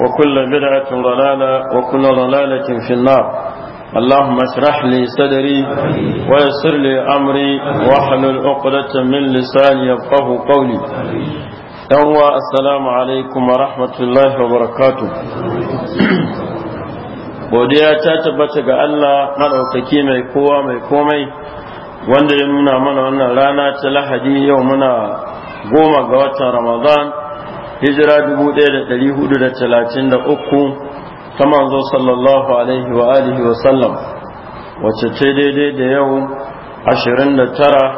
وكل بدعة ضلالة وكل ضلالة في النار اللهم اشرح لي صدري ويسر لي أمري واحلل عقدة من لساني يفقه قولي يوم السلام عليكم ورحمة الله وبركاته godiya ta tabbata ga Allah maɗaukaki mai kowa mai komai wanda ya nuna mana wannan rana ta lahadi yau muna goma ga watan ramadan hijira 1433 ta manzo sallallahu alaihi wa alihi wa sallam wacce ce daidai da yau 29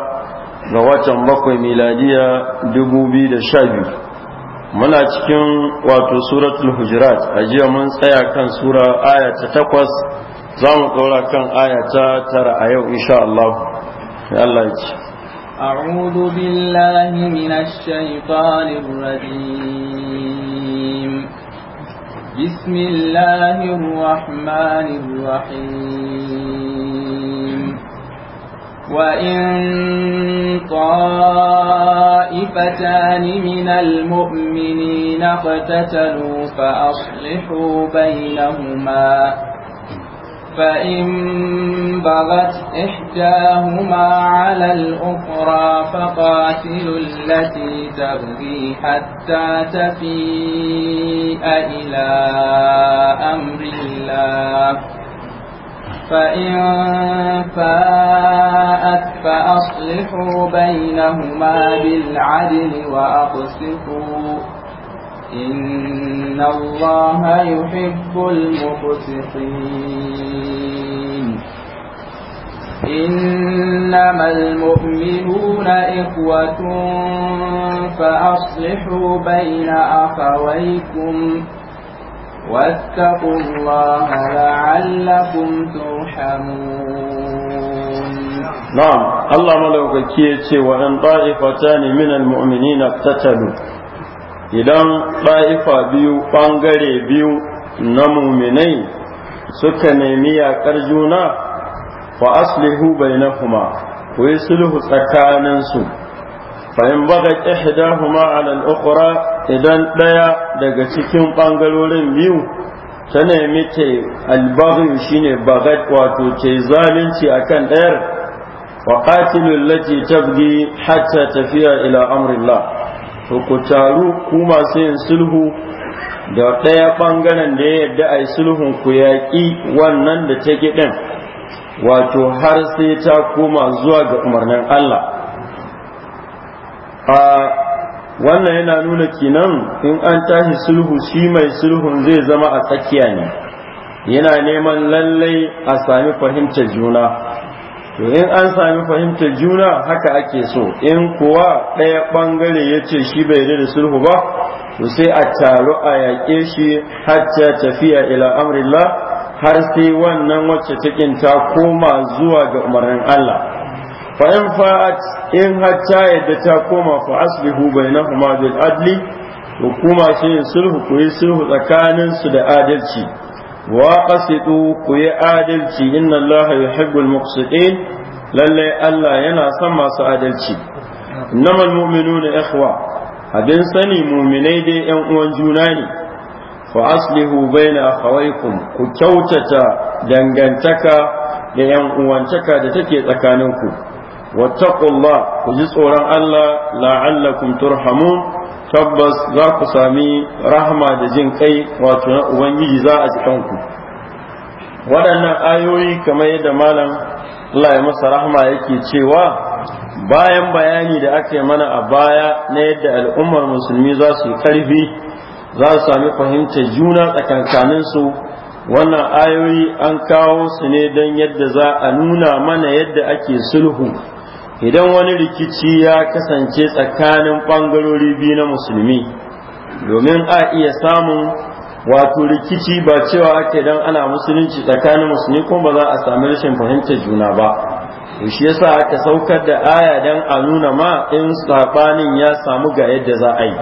ga watan bakwai miladiya 2012 muna cikin wato suratul hujirat a jiya mun tsaya kan sura aya ta takwas za mu ɗora kan aya ta tara a yau insha Allah ya Allah ya ce أعوذ بالله من الشيطان الرجيم بسم الله الرحمن الرحيم وإن طائفتان من المؤمنين اقتتلوا فأصلحوا بينهما فإن بغت إحداهما على الأخرى فقاتلوا التي تبغي حتى تفيء إلى أمر الله فإن فاءت فأصلحوا بينهما بالعدل وأقسطوا إن الله يحب المقسطين إنما المؤمنون إخوة فأصلحوا بين أخويكم واتقوا الله لعلكم ترحمون نعم الله ملوك كيتي وإن طائفتان من المؤمنين اقتتلوا idan ɗa'ifa biyu ɓangare biyu na muminai suka nemi yaƙar juna fa aslihu bainahuma ku yi sulhu tsakaninsu fa in baga ihdahuma ala al-ukhra idan ɗaya daga cikin ɓangarorin biyu ta nemi ta albaghi shine bagat wato ce zalunci akan ɗayar wa qatilul lati tabghi hatta tafiya ila amrillah to ku taru ku masu yin sulhu da ɗaya ɓangaren da ya yadda a yi sulhun ku yaƙi wannan da ta ɗin wato har sai ta koma zuwa ga umarnin Allah a wannan yana nuna kinan in an tashi sulhu shi mai sulhun zai zama a tsakiya ne yana neman lallai a sami fahimtar juna to in an sami fahimtar juna haka ake so in kuwa ɗaya ɓangare ya ce shi bai da sulhu ba to sai a taru a yaƙe shi hajja tafiya ila amrillah har sai wannan wacce cikin ta koma zuwa ga umarnin Allah fa in fa'at in hajja yadda ta koma fa aslihu bainahuma bil adli hukuma shi sulhu ku yi sulhu tsakaninsu da adalci وقصدوا كي آدلتي إن الله يحب المقصدين للي ألا ينا سما سآدلتي إنما المؤمنون إخوة أبن سني مؤمني دي أن جوناني فأصلحوا بين أخويكم كتوتة دنغنتك لأن أوانتك دتكي تكانوكم واتقوا الله وجزء الله لعلكم ترحمون tabbas za ku sami rahama da jin kai wato na ubangiji za a kanku. waɗannan ayoyi kamar yadda malam Allah ya masa rahama yake cewa bayan bayani da aka yi mana a baya na yadda al'ummar musulmi za su yi ƙarfi za su sami fahimtar juna tsakankaninsu wannan ayoyi an kawo su ne don yadda za a nuna mana yadda ake sulhu idan wani rikici ya kasance tsakanin ɓangarori biyu na musulmi domin a iya samun wato rikici ba cewa ake dan ana musulunci tsakanin musulmi kuma ba za a sami rashin fahimtar juna ba to shi yasa aka saukar da aya dan a nuna ma in sabanin ya samu ga yadda za a yi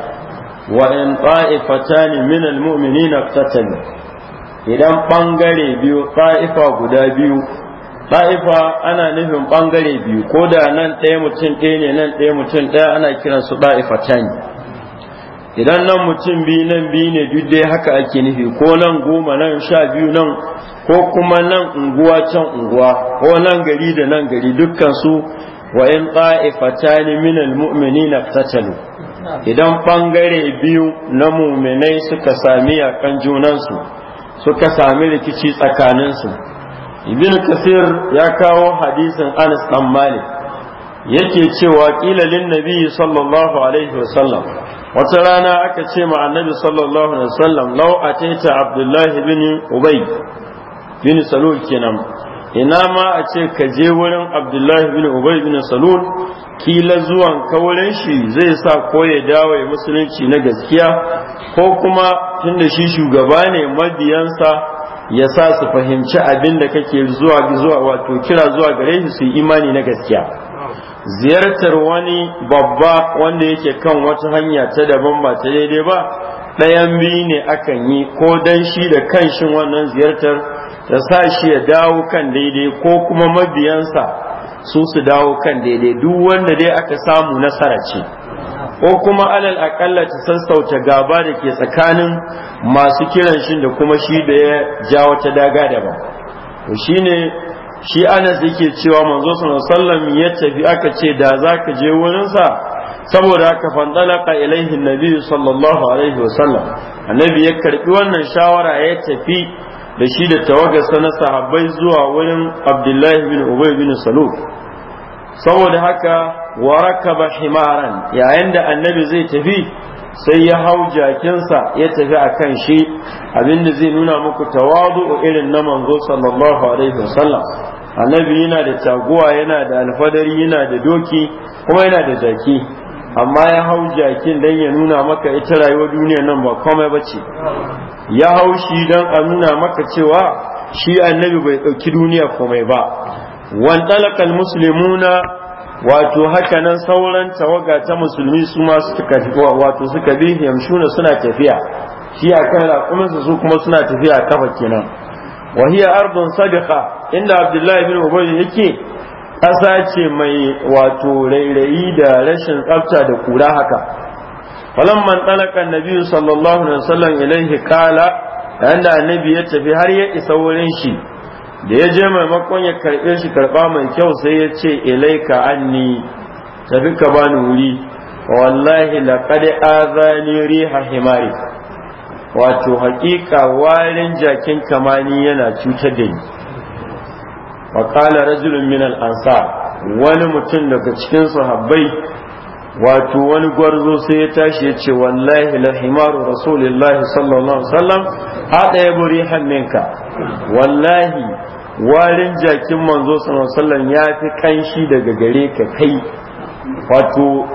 wa in ta'ifatani min almu'minina qatalu idan bangare biyu ta'ifa guda biyu ɗa'ifa ana nufin ɓangare biyu ko da nan ɗaya mutum ɗaya ne nan ɗaya mutum ɗaya ana kiransu ɗa'ifa tan idan nan mutum biyu nan biyu ne duk dai haka ake nufi ko nan goma nan sha biyu nan ko kuma nan unguwa can unguwa ko nan gari da nan gari dukkan su wa in ɗa'ifata ne minal mu'mini na tatalu idan ɓangare biyu na muminai suka sami yakan junansu suka sami rikici tsakaninsu ibn kasir ya kawo hadisin anas dan malik yake cewa kila lin nabi sallallahu alaihi wasallam wata rana aka ce ma annabi sallallahu alaihi wasallam law ataita abdullahi bin ubay bin salul kenan ina ma a ce ka je wurin abdullahi bin ubay bin salul kila zuwan ka wurin shi zai sa ko ya dawo ya musulunci na gaskiya ko kuma tunda shi shugaba ne mabiyansa ya sa su fahimci abin da kake zuwa zuwa wato kira zuwa gare shi su imani na gaskiya ziyartar wani babba wanda yake kan wata hanya ta daban ba ta daidai ba ɗayan biyu ne akan yi ko dan shi da kanshin wannan ziyartar ta sa shi ya dawo kan daidai ko kuma mabiyansa su su dawo kan daidai duk wanda dai aka samu nasara ce ko kuma alal akalla ta sassauta gaba da ke tsakanin masu kiran shi da kuma shi da ya ja wata daga daban to shine shi Anas yake cewa manzo sallallahu ya tafi aka ce da zaka je wurinsa saboda haka fandalaka ilaihi nabi sallallahu alaihi wasallam annabi ya karbi wannan shawara ya tafi da shi da tawagarsa na sahabbai zuwa wurin Abdullahi bin Ubay bin Salul saboda haka wa rakaba himaran yayin da annabi zai tafi sai ya hau jakinsa ya tafi a kan shi abinda zai nuna muku tawadu irin na manzo sallallahu alaihi wasallam annabi yana da taguwa yana da alfadari yana da doki kuma yana da jaki amma ya hau jakin dan ya nuna maka ita rayuwar duniya nan ba komai ba ce ya hau shi don a nuna maka cewa shi annabi bai ɗauki duniya komai ba wan talakal muslimuna wato haka nan sauran tawaga ta musulmi su ma suka wato suka bi na suna tafiya shi akan raƙuminsa su kuma suna tafiya kafa kenan wa hiya ardun sadiqa inda abdullahi bin ubay yake ƙasa ce mai wato rairayi da rashin tsafta da kura haka falamman talaka nabiyyu sallallahu alaihi wasallam ilaihi kala da annabi ya tafi har ya isa wurin shi da ya je maimakon ya karɓe shi karɓa mai kyau sai ya ce ilaika anni tafi ka bani wuri wallahi laqad azani riha himari wato haƙiƙa warin jakin kamani yana cuta da ni waƙala rajulun min ansar wani mutum daga cikin sahabbai wato wani gwarzo sai ya tashi ya ce wallahi la himaru rasulillahi sallallahu alaihi wasallam hada ya buri minka wallahi warin jakin manzo sallallahu ya fi kanshi daga gare ka kai wato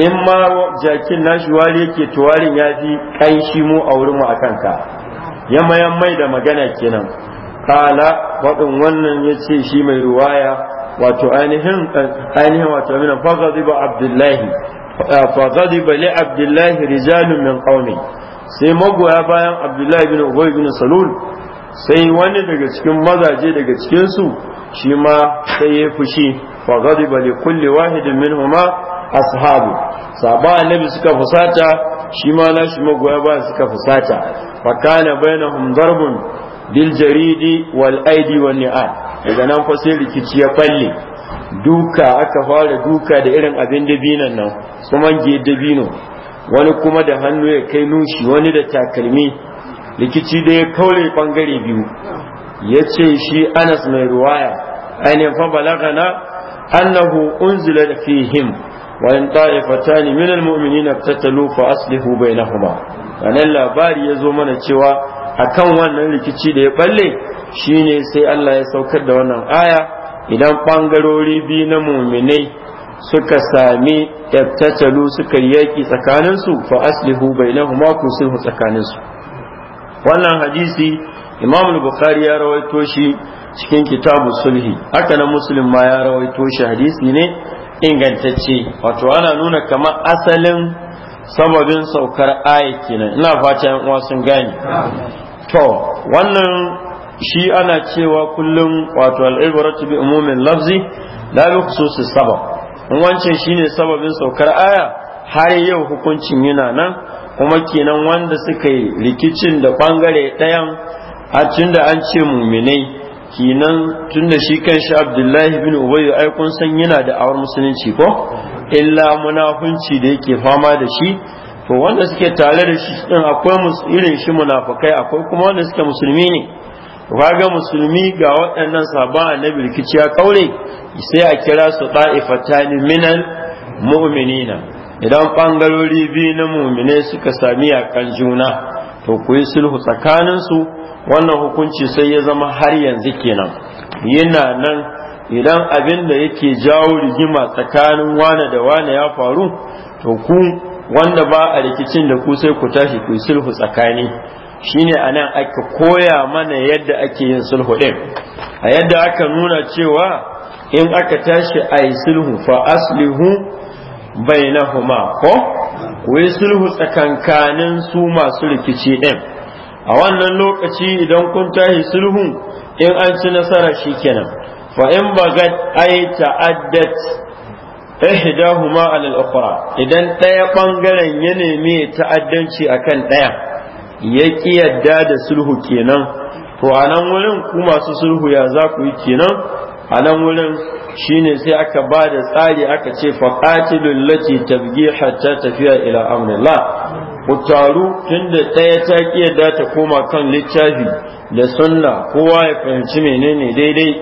in ma jakin nashi wari yake to warin ya fi kanshi mu a wurin mu akan ka yamma yammai da magana kenan kala faɗin wannan ya ce shi mai ruwaya wato ainihin ainihin wato amina fagadiba abdullahi fagadiba li abdullahi rijalun min qaumi sai magoya bayan abdullahi bin ubay bin salul sai wani daga cikin mazaje daga cikinsu shi ma sai ya fushi fa ghadiba li kulli wahidin minhuma ashabu saba annabi suka fusata shi ma na shi magoya ba suka fusata fa kana bainahum darbun bil jaridi wal aidi wan ni'al daga nan fa sai rikici ya falle duka aka fara duka da irin abin dabinan nan kuma ge dabino wani kuma da hannu ya kai nushi wani da takalmi Likici da ya kaure bangare biyu ya ce shi anas mai ruwaya ainihin fa balagana annahu unzila fihim wa in ta'ifatan min almu'minina tattalu fa aslihu bainahuma Wannan labari ya zo mana cewa akan wannan rikici da ya balle shine sai Allah ya saukar da wannan aya idan bangarori biyu na mu'minai suka sami tattalu suka yaki tsakaninsu fa aslihu bainahuma ku sulhu tsakaninsu wannan hadisi imam bukhari ya rawaito shi cikin kitabu sulhi haka nan muslim ma ya rawaito shi hadisi ne ingantacce wato ana nuna kamar asalin sababin saukar aya kenan ina fata yan uwa sun gane to wannan shi ana cewa kullum wato al'ibaratu bi umumin lafzi la bi khususi sabab wancan shine sababin saukar aya har yau hukuncin yana nan kuma kenan wanda suka yi rikicin da bangare ɗayan a tun da an ce muminai kenan tun da shi kan shi abdullahi bin ubayyu ai kun san yana da awar musulunci ko illa munafunci da yake fama da shi to wanda suke tare da shi din akwai irin shi munafakai akwai kuma wanda suke musulmi ne ga musulmi ga waɗannan sabon annabi rikici a kaure sai a kira su ta'ifatani minal mu'minina idan ɓangarori biyu na mumine suka sami yakan juna to ku yi sulhu tsakaninsu wannan hukunci sai ya zama har yanzu kenan yana nan idan abin da yake jawo rigima tsakanin wane da wane ya faru to ku wanda ba a rikicin da ku sai ku tashi ku yi sulhu tsakani shine a nan aka koya mana yadda ake yin sulhu ɗin a yadda aka nuna cewa in aka tashi ayi sulhu fa aslihu Bai bainahuma ko wai sulhu tsakankanin su masu rikici din a wannan lokaci idan kun tahi sulhun in an ci nasara shikenan fa in bagat ay ta'addat ihdahuma ala al-ukhra idan ɗaya bangaren ya nemi ta'addanci akan ɗaya, ya ki yadda da sulhu kenan to a nan wurin ku masu sulhu ya za ku yi kenan a nan wurin ne sai aka ba da tsari aka ce faqatilul lati tabgi hatta tafiya ila amrillah ku taru tunda ɗaya ta da ta koma kan littafi da sunna kowa ya fahimci menene daidai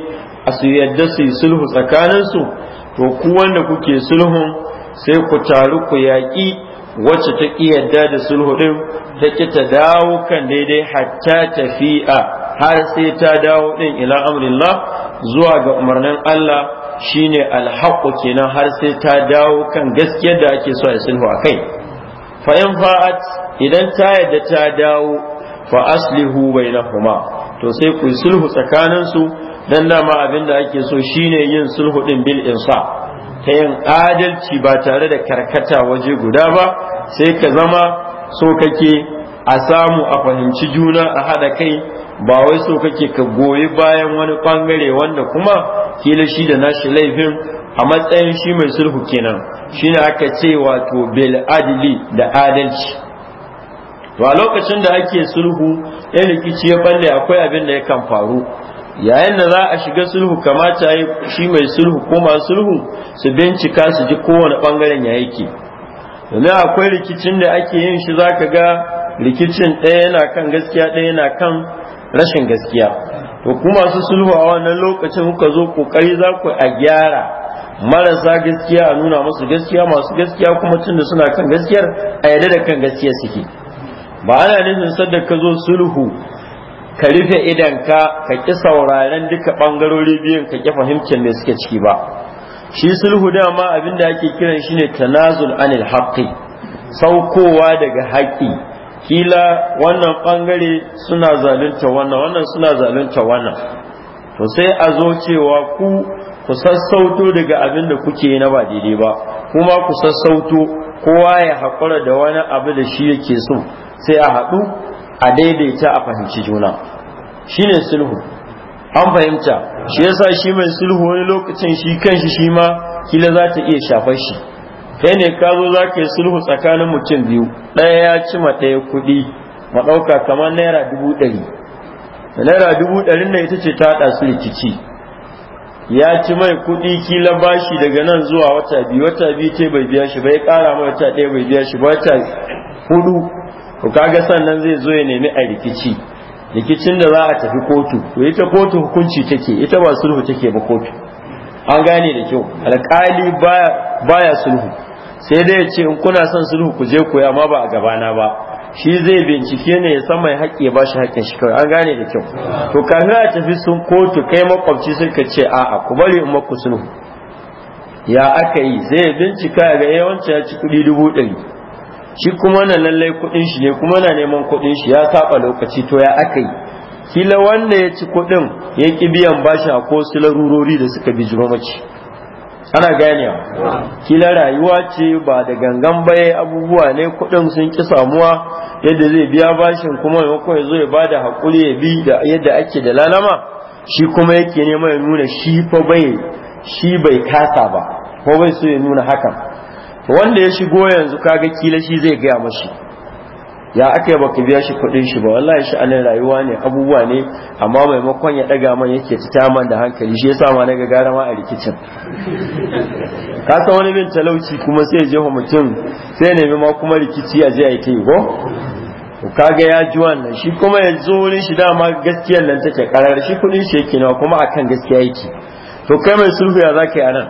a su yadda su yi sulhu tsakaninsu to ku wanda kuke sulhun sai ku taru ku yaƙi wacce ta ƙi yadda da sulhu ɗin ta ki ta dawo kan daidai hatta tafiya. har sai ta dawo din ila amrillah zuwa ga umarnin Allah shine alhaqqu kenan har sai ta dawo kan gaskiyar da ake so ya sulhu akai fa in fa'at idan ta yadda ta dawo fa aslihu bainahuma to sai ku sulhu tsakanin su dan dama abin da ake so shine yin sulhu din bil insa ta yin adalci ba tare da karkata waje guda ba sai ka zama so kake a samu a fahimci juna a haɗa kai ba wai so kake ka goyi bayan wani ɓangare wanda kuma kila shi da nashi laifin a matsayin shi mai sulhu kenan shine aka ce wato bil adli da adalci to a lokacin da ake sulhu in rikici ya balle akwai abin da yakan faru yayin da za a shiga sulhu kamata yi shi mai sulhu ko masu sulhu su bincika su ji kowane bangaren ya yake domin akwai rikicin da ake yin shi zaka ga rikicin ɗaya yana kan gaskiya ɗaya yana kan rashin gaskiya to ku masu sulhu a wannan lokacin kuka zo kokari za ku a gyara marasa gaskiya a nuna musu gaskiya masu gaskiya kuma tunda suna kan gaskiyar a yadda da kan gaskiya suke ba ana nufin sadda ka zo sulhu ka rufe idan ka ƙi sauraren duka ɓangarori biyun ka ƙi fahimtar me suke ciki ba shi sulhu dama abin da ake kiran shine ne tanazul anil haqqi saukowa daga haƙƙi kila wannan bangare suna zalunta wannan wannan suna zalunta wannan to sai a zo cewa ku ku sassauto daga abin da kuke na ba daidai ba kuma ku sassauto kowa ya haƙura da wani abu da shi yake so sai a haɗu a daidaita a fahimci juna shine sulhu an fahimta shi yasa shi mai sulhu wani lokacin shi kanshi shi ma kila za ta iya shafar shi kai ne ka zo za ka yi sulhu tsakanin mutum biyu ɗaya ya ci ma ɗaya kuɗi ma ɗauka kamar naira dubu ɗari naira dubu ɗarin na ita ce ta haɗa su rikici ya ci mai kuɗi kila bashi daga nan zuwa wata biyu wata biyu ce bai biya shi bai ƙara mai wata ɗaya bai biya shi ba wata hudu to kaga sannan zai zo ya nemi a rikici rikicin da za a tafi kotu to ita kotu hukunci take ita ba sulhu take ba kotu an gane da kyau alƙali baya sulhu sai dai ya ce in kuna son sulhu ku je koya ma ba a gabana ba shi zai bincike ne ya san mai haƙƙi ya bashi haƙƙin shi kawai an gane da kyau to kafin a tafi sun kotu kai makwabci ka ce a'a ku bari in maku sulhu ya aka yi zai bincika ga yawanci eh, ya ci kuɗi dubu ɗari shi kuma na lallai kuɗin shi ne kuma na neman kuɗin shi ya saba lokaci to ya aka yi kila wanda ya ci kuɗin ya ƙi biyan bashi a ko su da suka bi jimamaci. mace ana ganewa kila rayuwa ce ba da gangan baye eh, abubuwa ne kudin sun ki samuwa yadda zai biya bashin kuma maimakon ya zo ya bada haƙuri ya bi da yadda ake da lalama shi kuma yake neman ya nuna shi fa bai shi bai kasa ba ko bai so ya nuna hakan wanda ya shigo yanzu kaga kila shi zai gaya mashi ya aka yi baka biya shi kuɗin shi ba wallahi sha'anin rayuwa ne abubuwa ne amma maimakon ya daga man yake ta man da hankali shi yasa ma naga gara ma a rikicin ka san wani min talauci kuma sai je ho mutum sai nemi ma kuma rikici a je a yi ta ko kaga ya ji wannan shi kuma ya zo wurin shi dama gaskiyar nan take karar shi kuɗin shi yake nawa kuma akan gaskiya yake to kai mai sulhu ya zaka yi anan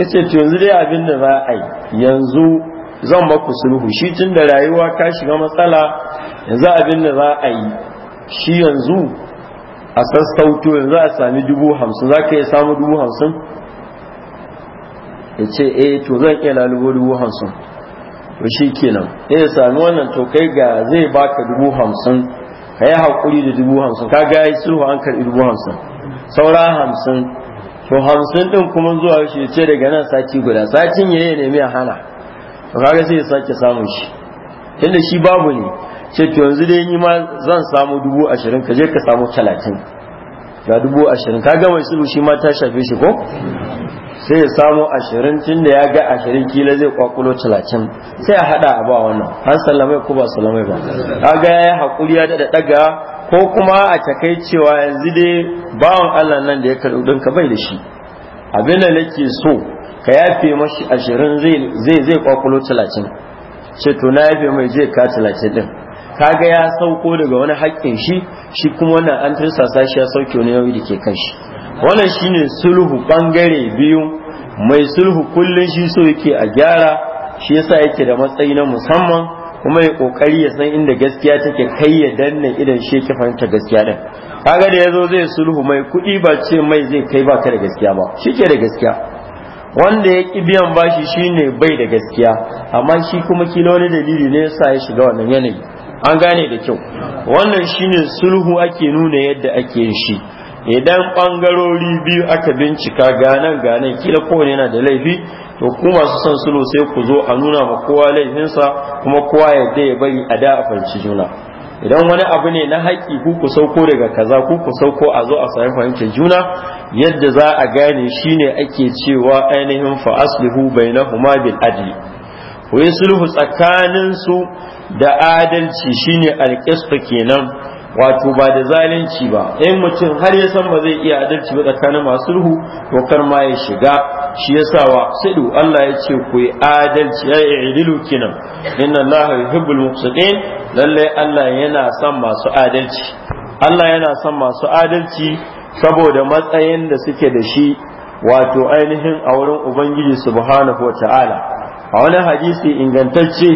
yace to yanzu dai abin da za a yi yanzu zan maku sulhu shi tun da rayuwa ta shiga matsala yanzu abin da za a yi shi yanzu a sassauto yanzu a sami dubu hamsin za ka iya samu dubu hamsin ya ce eh to zan iya lalubo dubu hamsin to shi kenan eh ya sami wannan to kai ga zai baka dubu hamsin ka yi haƙuri da dubu hamsin ka ga yi sulhu an karɓi dubu hamsin saura hamsin to hamsin ɗin kuma zuwa shi ce daga nan sati guda satin ya ne nemi a hana kaga sai ya sake samu shi tunda shi babu ne ce to yanzu dai ni ma zan samu dubu ashirin ka ka samu talatin ga dubu ashirin ka ga mai sulhu shi ma ta shafe shi ko sai ya samu ashirin tun ya ga ashirin kila zai kwakulo talatin sai a hada a ba wannan an sallamai ko ba sallamai ba kaga ya yi hakuri ya da daga ko kuma a cewa yanzu dai bawan Allah nan da ya karɓi ɗinka bai da shi abin da nake so ka yafe mashi ashirin zai zai kwakwalo talatin ce to na yafe mai zai ka talatin din kaga ya sauko daga wani haƙƙin shi shi kuma wannan an tursasa shi ya sauke wani yau da ke kan shi wannan shine sulhu bangare biyu mai sulhu kullum shi so yake a gyara shi yasa yake da matsayi na musamman kuma ya kokari ya san inda gaskiya take kai ya danna idan shi yake fahimta gaskiya din kaga da yazo zai sulhu mai kuɗi ba ce mai zai kai ba baka da gaskiya ba shi ke da gaskiya wanda ya ki biyan bashi shine bai da gaskiya amma shi kuma kila wani dalili ne yasa ya shiga wannan yanayi an gane da kyau wannan shine sulhu ake nuna yadda ake yin shi idan ɓangarori biyu aka bincika ganan ganan kila kowane yana da laifi to ku masu son sulhu sai ku zo a nuna ma kowa laifinsa kuma kowa ya ya bari a da a juna idan wani abu ne na haƙi ku ku sauko daga kaza ku ku sauko a zo a sami fahimtar juna yadda za a gane shine ake cewa ainihin fa aslihu bainahuma bil adli ku yi sulhu tsakanin su da adalci shine alqistu kenan wato ba da zalunci ba in mutum har ya san ba zai iya adalci ba tsakanin masu sulhu to kar ma ya shiga shi yasa wa sidu Allah ya ce ku yi adalci ya idilu kinan inna Allah yuhibbul muqsitin lalle Allah yana son masu adalci Allah yana son masu adalci saboda matsayin da suke da shi wato ainihin a wurin ubangiji subhanahu wata'ala a wani hadisi ingantacce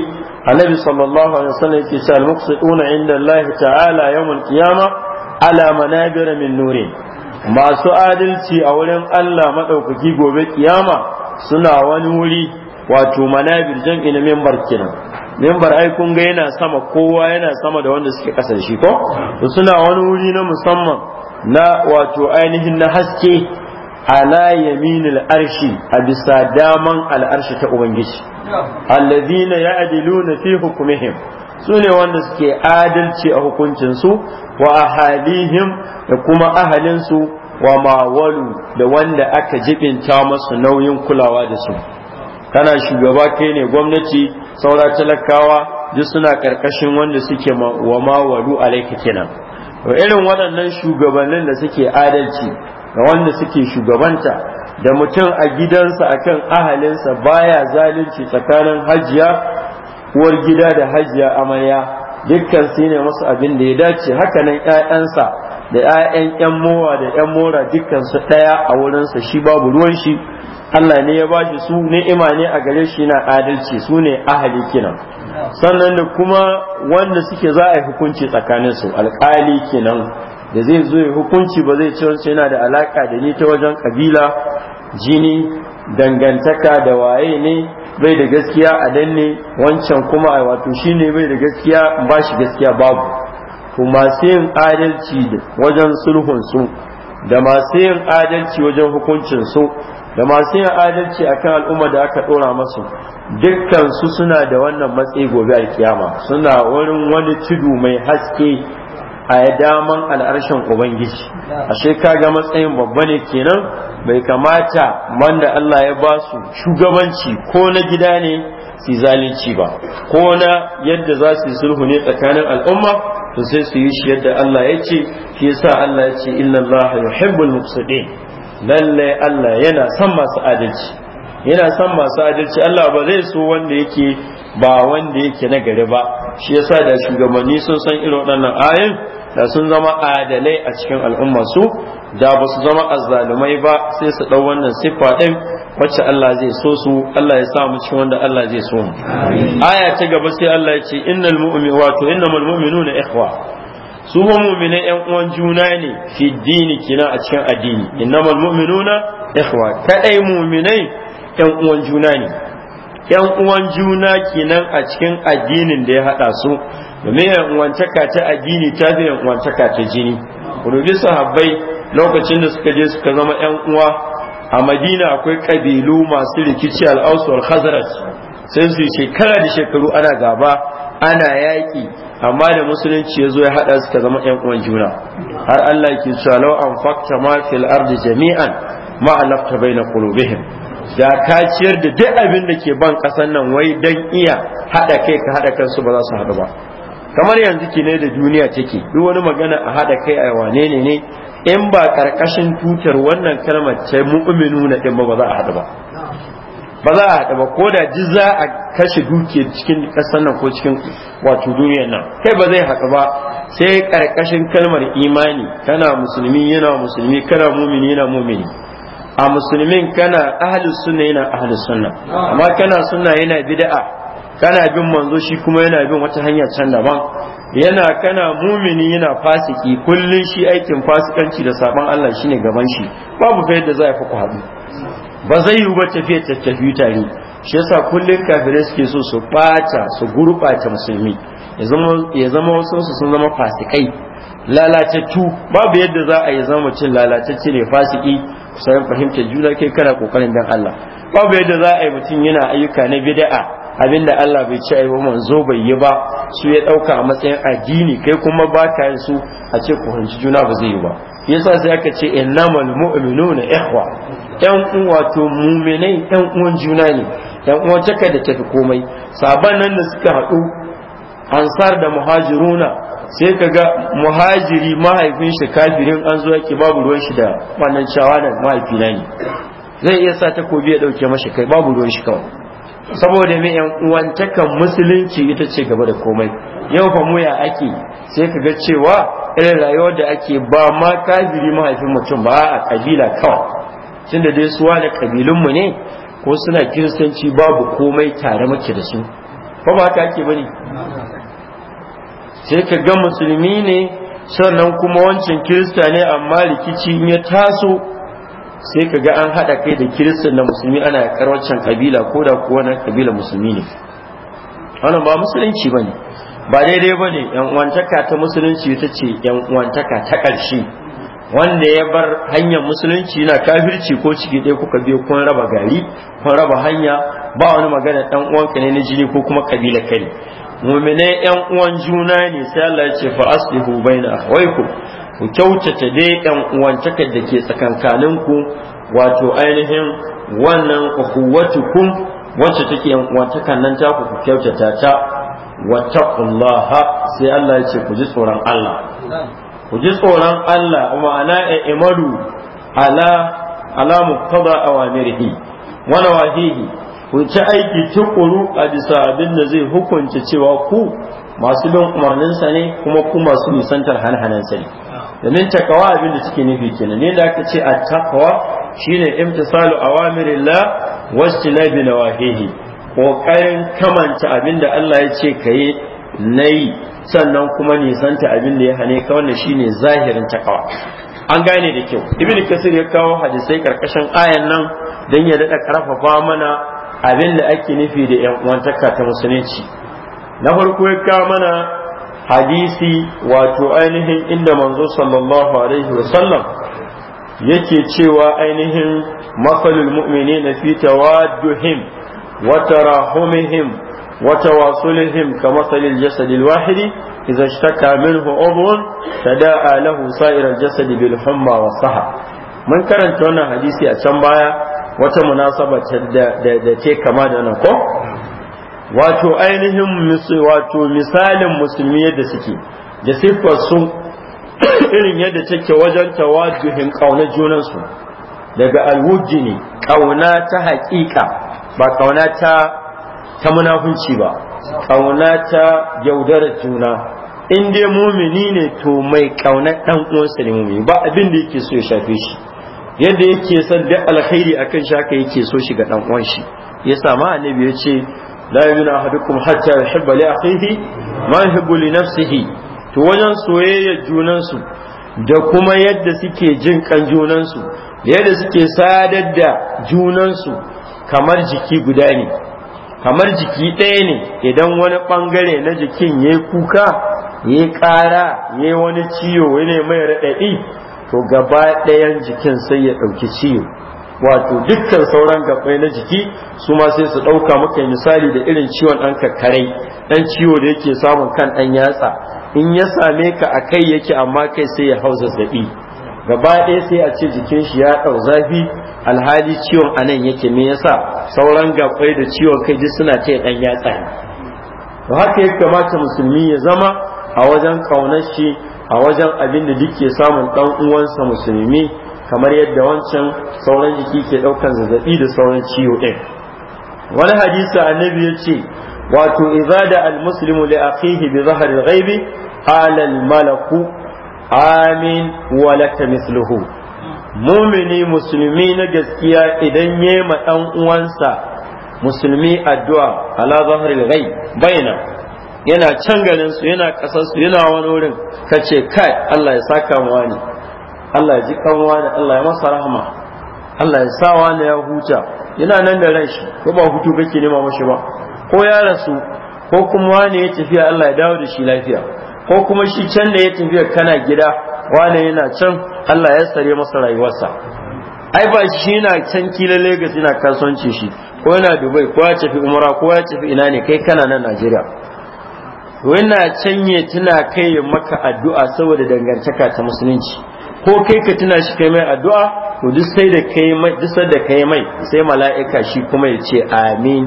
annabi sallallahu alaihi wasallam yake cewa al-muqsituna inda Allah ta'ala yawm al-qiyamah ala manabir min nurin masu adalci a wurin Allah maɗaukaki gobe kiyama suna wani wuri wato manabir jan ina membar kenan membar ai kun ga yana sama kowa yana sama da wanda suke kasar shi ko suna wani wuri na musamman na wato ainihin na haske ala yaminil arshi a bisa daman al'arshi ta ubangiji alladhina ya'diluna fi hukumihim su ne wanda suke adalci a hukuncinsu wa ahalihim da kuma ahalinsu wa mawalu da wanda aka jibinta masu nauyin kulawa da su kana shugaba kai ne gwamnati saura talakawa duk suna karkashin wanda suke wa mawalu alaika kenan to irin waɗannan shugabannin da suke adalci da wanda suke shugabanta da mutum a gidansa akan ahalinsa baya zalunci tsakanin hajiya uwar gida da hajiya amarya dukkan su ne masu abin da ya dace haka nan ƴaƴansa da ƴaƴan ƴan mowa da ƴan mora dukkan su ɗaya a wurinsa shi babu ruwan shi Allah ne ya bashi su ni'ima ne a gare shi na adalci su ne ahali kenan sannan da kuma wanda suke za a yi hukunci tsakanin su alƙali kenan da zai zo ya hukunci ba zai ci wancan yana da alaka da ni ta wajen kabila jini dangantaka da waye ne bai da gaskiya a danne wancan kuma a wato shine bai da gaskiya ba shi gaskiya babu to masu yin adalci wajen sulhun su da masu yin adalci wajen hukuncin su da masu yin adalci a kan al'umma da aka dora masu dukkan su suna da wannan matsayi gobe a kiyama suna wurin wani tudu mai haske a daman al'arshin ubangiji ashe ga matsayin babba ne kenan bai kamata manda Allah ya ba su shugabanci ko na gida ne su zalunci ba ko na yadda za su yi sulhu ne tsakanin al'umma to sai su yi shi yadda Allah ya ce shi yasa Allah ya ce inna Allah yuhibbul muqsitin lallai Allah yana son masu adalci yana son masu adalci Allah ba zai so wanda yake ba wanda yake na gari ba shi yasa da shugabanni sun san irin waɗannan ayin da sun zama adalai a cikin al'umma su da ba su zama azzalumai ba sai su ɗau wannan siffa ɗin wacce Allah zai so su Allah ya sa mu cikin wanda Allah zai so mu aya ta gaba sai Allah ya ce innal mu'minu wato innamal mu'minuna ikhwa su ba mu'minai yan uwan juna ne fi dini kina a cikin addini innamal mu'minuna ikhwa kadai mu'minai yan uwan juna ne yan uwan juna kenan a cikin addinin da ya haɗa su domin yan uwantaka ta addini ta bi yan ta jini rubi sahabbai lokacin da suka je suka zama yan uwa a madina akwai kabilu masu rikici al'ausu wal sai su shekara da shekaru ana gaba ana yaƙi amma da musulunci ya zo ya haɗa suka zama ‘yan uwan juna har Allah ke cewa lau an fakta ma fil ardi jami'an ma bai baina qulubihim da ka ciyar da duk abin da ke ban kasan nan wai dan iya haɗa kai ka hada kansu ba za su haɗu ba kamar yanzu ki ne da duniya take duk wani magana a haɗa kai a wane ne ne in ba karkashin tutar wannan kalmar ce mu'minu na din ba za a haɗu ba ba za a haɗu ba ko da ji za a kashe duke cikin kasan nan ko cikin wato duniyar nan kai ba zai haɗu ba sai karkashin kalmar imani kana musulmi yana musulmi kana mumini yana mumini a musulmin kana ahli sunna yana ahli sunna amma kana sunna yana bid'a kana bin manzo shi kuma yana bin wata hanya can daban yana kana mumini yana fasiki kullun shi aikin fasikanci da saban Allah shine gaban shi babu fa yadda za a ku ba zai yi ba tafiye tattafi tare shi yasa kullun kafirai suke so su ɓata su gurɓata musulmi ya zama wasu sun zama fasikai lalatattu babu yadda za a yi zama mutum lalatacce ne fasiki sayan fahimta juna kai kana kokarin dan Allah babu da za a yi mutum yana ayyuka na bid'a abinda Allah bai ci ayi manzo bai yi ba su ya dauka a matsayin addini kai kuma ba ka yin su a ce ku hanci juna ba zai yi ba yasa sai aka ce innamal mu'minuna ikhwa yan uwa to mu'minai yan uwan juna ne yan uwan take da tafi komai sabanan da suka haɗu ansar da muhajiruna sai ka ga muhajiri mahaifin shi kafirin an zo yake babu ruwan shi da wannan shawanan mahaifina ne zai iya sa takobi ya dauke mashi kai babu ruwan shi kawai saboda me yan uwantakan musulunci ita ce gaba da komai yau fa muya ake sai ka ga cewa irin rayuwar da ake ba ma kafiri mahaifin mutum ba a kabila kawai tunda dai suwa da kabilun mu ne ko suna kiristanci babu komai tare muke da su ba ba ake bane sai ka ga musulmi ne sannan kuma wancan kirista ne amma rikici in ya taso sai ka ga an haɗa kai da kiristan da musulmi ana yakar wancan kabila ko da kuwa na kabila musulmi ne wannan ba musulunci ba ne ba daidai ba ne yan uwantaka ta musulunci ita ce yan uwantaka ta ƙarshe wanda ya bar hanyar musulunci na kafirci ko ciki ɗaya kuka biyo kun raba gari kun raba hanya ba wani magana dan uwanka ne na jini ko kuma kabila kai mu'minai yan uwan juna ne sai Allah ya ce fa aslihu baina akhawaykum ku kyautata dai yan uwantakar da ke tsakankaninku wato ainihin wannan ukhuwatukum wacce take yan uwantakar nan ta ku kyautata ta wattaqullaha sai Allah ya ce ku ji tsoron Allah ku ji tsoron Allah ma'ana imadu ala ala muqtada awamirihi wa nawahihi ku ci aiki tukuru a bisa abin da zai hukunci cewa ku masu bin umarninsa ne kuma ku masu nisantar hanhanansa ne domin takawa abin da suke nufi kenan ne da aka ce a takawa shine imtisalu awamirillah wastinabi nawahihi kokarin kamanta abin da Allah ya ce kayi nayi sannan kuma nisanta abin da ya hane ka wannan shine zahirin takawa an gane da kyau ibnu kasir ya kawo hadisai karkashin ayan nan dan ya dada karfafa mana abin da ake nufi da ‘yan uwantaka ta musulunci na farko ya kawo mana hadisi wato ainihin inda manzo sallallahu alaihi wasallam yake cewa ainihin matsalul mu'mini na fi tawadduhim wa tarahumihim wa tawasulihim ka masalil jasadil wahidi idza ishtaka minhu udhun tadaa lahu sa'ir jasadi jasad bil wa saha mun karanta wannan hadisi a can baya wata munasaba da ce kama da nan ko wato ainihin wato misalin musulmi yadda suke da siffar su irin yadda take wajen tawajuhin kauna junansu daga alwuji ne kauna ta haƙiƙa ba kauna ta ta munafunci ba kauna ta yaudarar juna in dai mumini ne to mai kauna dan uwansa ne mumini ba abin da yake so ya shafe shi yadda yake son duk alkhairi akan shi haka yake so shi ga dan uwan shi yasa ma annabi ya ce la yu'minu ahadukum hatta yuhibba li akhihi ma yuhibbu li nafsihi to wajen soyayya junan su da kuma yadda suke jin kan junan su da yadda suke sadar da junan su kamar jiki guda ne kamar jiki ɗaya ne idan wani bangare na jikin yayi kuka yayi ƙara yayi wani ciwo wani mai raɗaɗi to gaba ɗayan jikin sai ya ɗauki ciwo wato dukkan sauran gabai na jiki su ma sai su ɗauka maka misali da irin ciwon ɗan kakkarai ɗan ciwo da yake samun kan ɗan yatsa in ya same ka a kai yake amma kai sai ya hau zazzaɓi gaba ɗaya sai a ce jikin shi ya ɗau zafi alhali ciwon a nan yake me yasa sauran gabai da ciwon kai duk suna taya ɗan yatsa ne to haka ya kamata musulmi ya zama a wajen ƙaunar shi a wajen abin da duk ke samun dan uwansa musulmi kamar yadda wancan sauran jiki ke daukan zazzabi da sauran ciwo din wani hadisi annabi ya ce wato izada almuslimu li akhihi bi zahar al-ghaibi alal amin wa laka misluhu mumini musulmi na gaskiya idan ma dan uwansa musulmi addu'a ala zahar al bayna yana can garinsu su yana kasar su yana wani wurin Ka ce, kai Allah ya saka wa ne, Allah ya ji kanwa ne, Allah ya masa rahama Allah ya sa wani ya huta yana nan da ran shi ko ba hutu kake nema mashi ba ko ya rasu ko kuma wani ya tafiya Allah ya dawo da shi lafiya ko kuma shi can da ya tafiya kana gida wani yana can Allah ya sare masa rayuwarsa ai ba shi yana can kila Lagos yana kasuwanci shi ko yana Dubai ko ya tafi Umara ko ya tafi ina ne kai kana nan Najeriya yana canye tana kai maka addu'a saboda dangantaka ta musulunci ko kai ka tuna shi kai mai addu'a to duk sai da kai mai duk sai da kai mai sai mala'ika shi kuma ya ce amin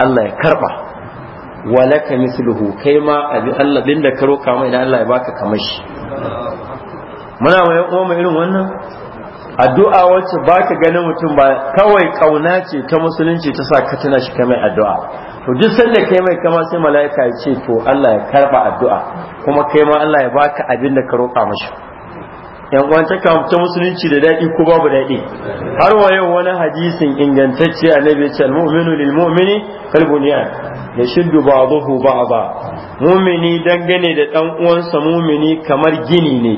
Allah ya karba walaka misluhu kai ma abi Allah din da ka roka mai idan Allah ya baka kamar shi muna mai irin wannan addu'a wacce baka ganin mutum ba kawai kauna ce ta musulunci ta sa ka tuna shi kai mai addu'a to duk sanda kai mai kama sai mala'ika ya ce to Allah ya karba addu'a kuma kai ma Allah ya baka abin da ka roƙa mashi yan uwan ta ta musulunci da daɗi ko babu daɗi har wa yau wani hadisin ingantacce annabi ya ce al-mu'minu lil mu'mini kal bunyan shiddu ba'dahu ba'da mu'mini dangane da dan uwansa mu'mini kamar gini ne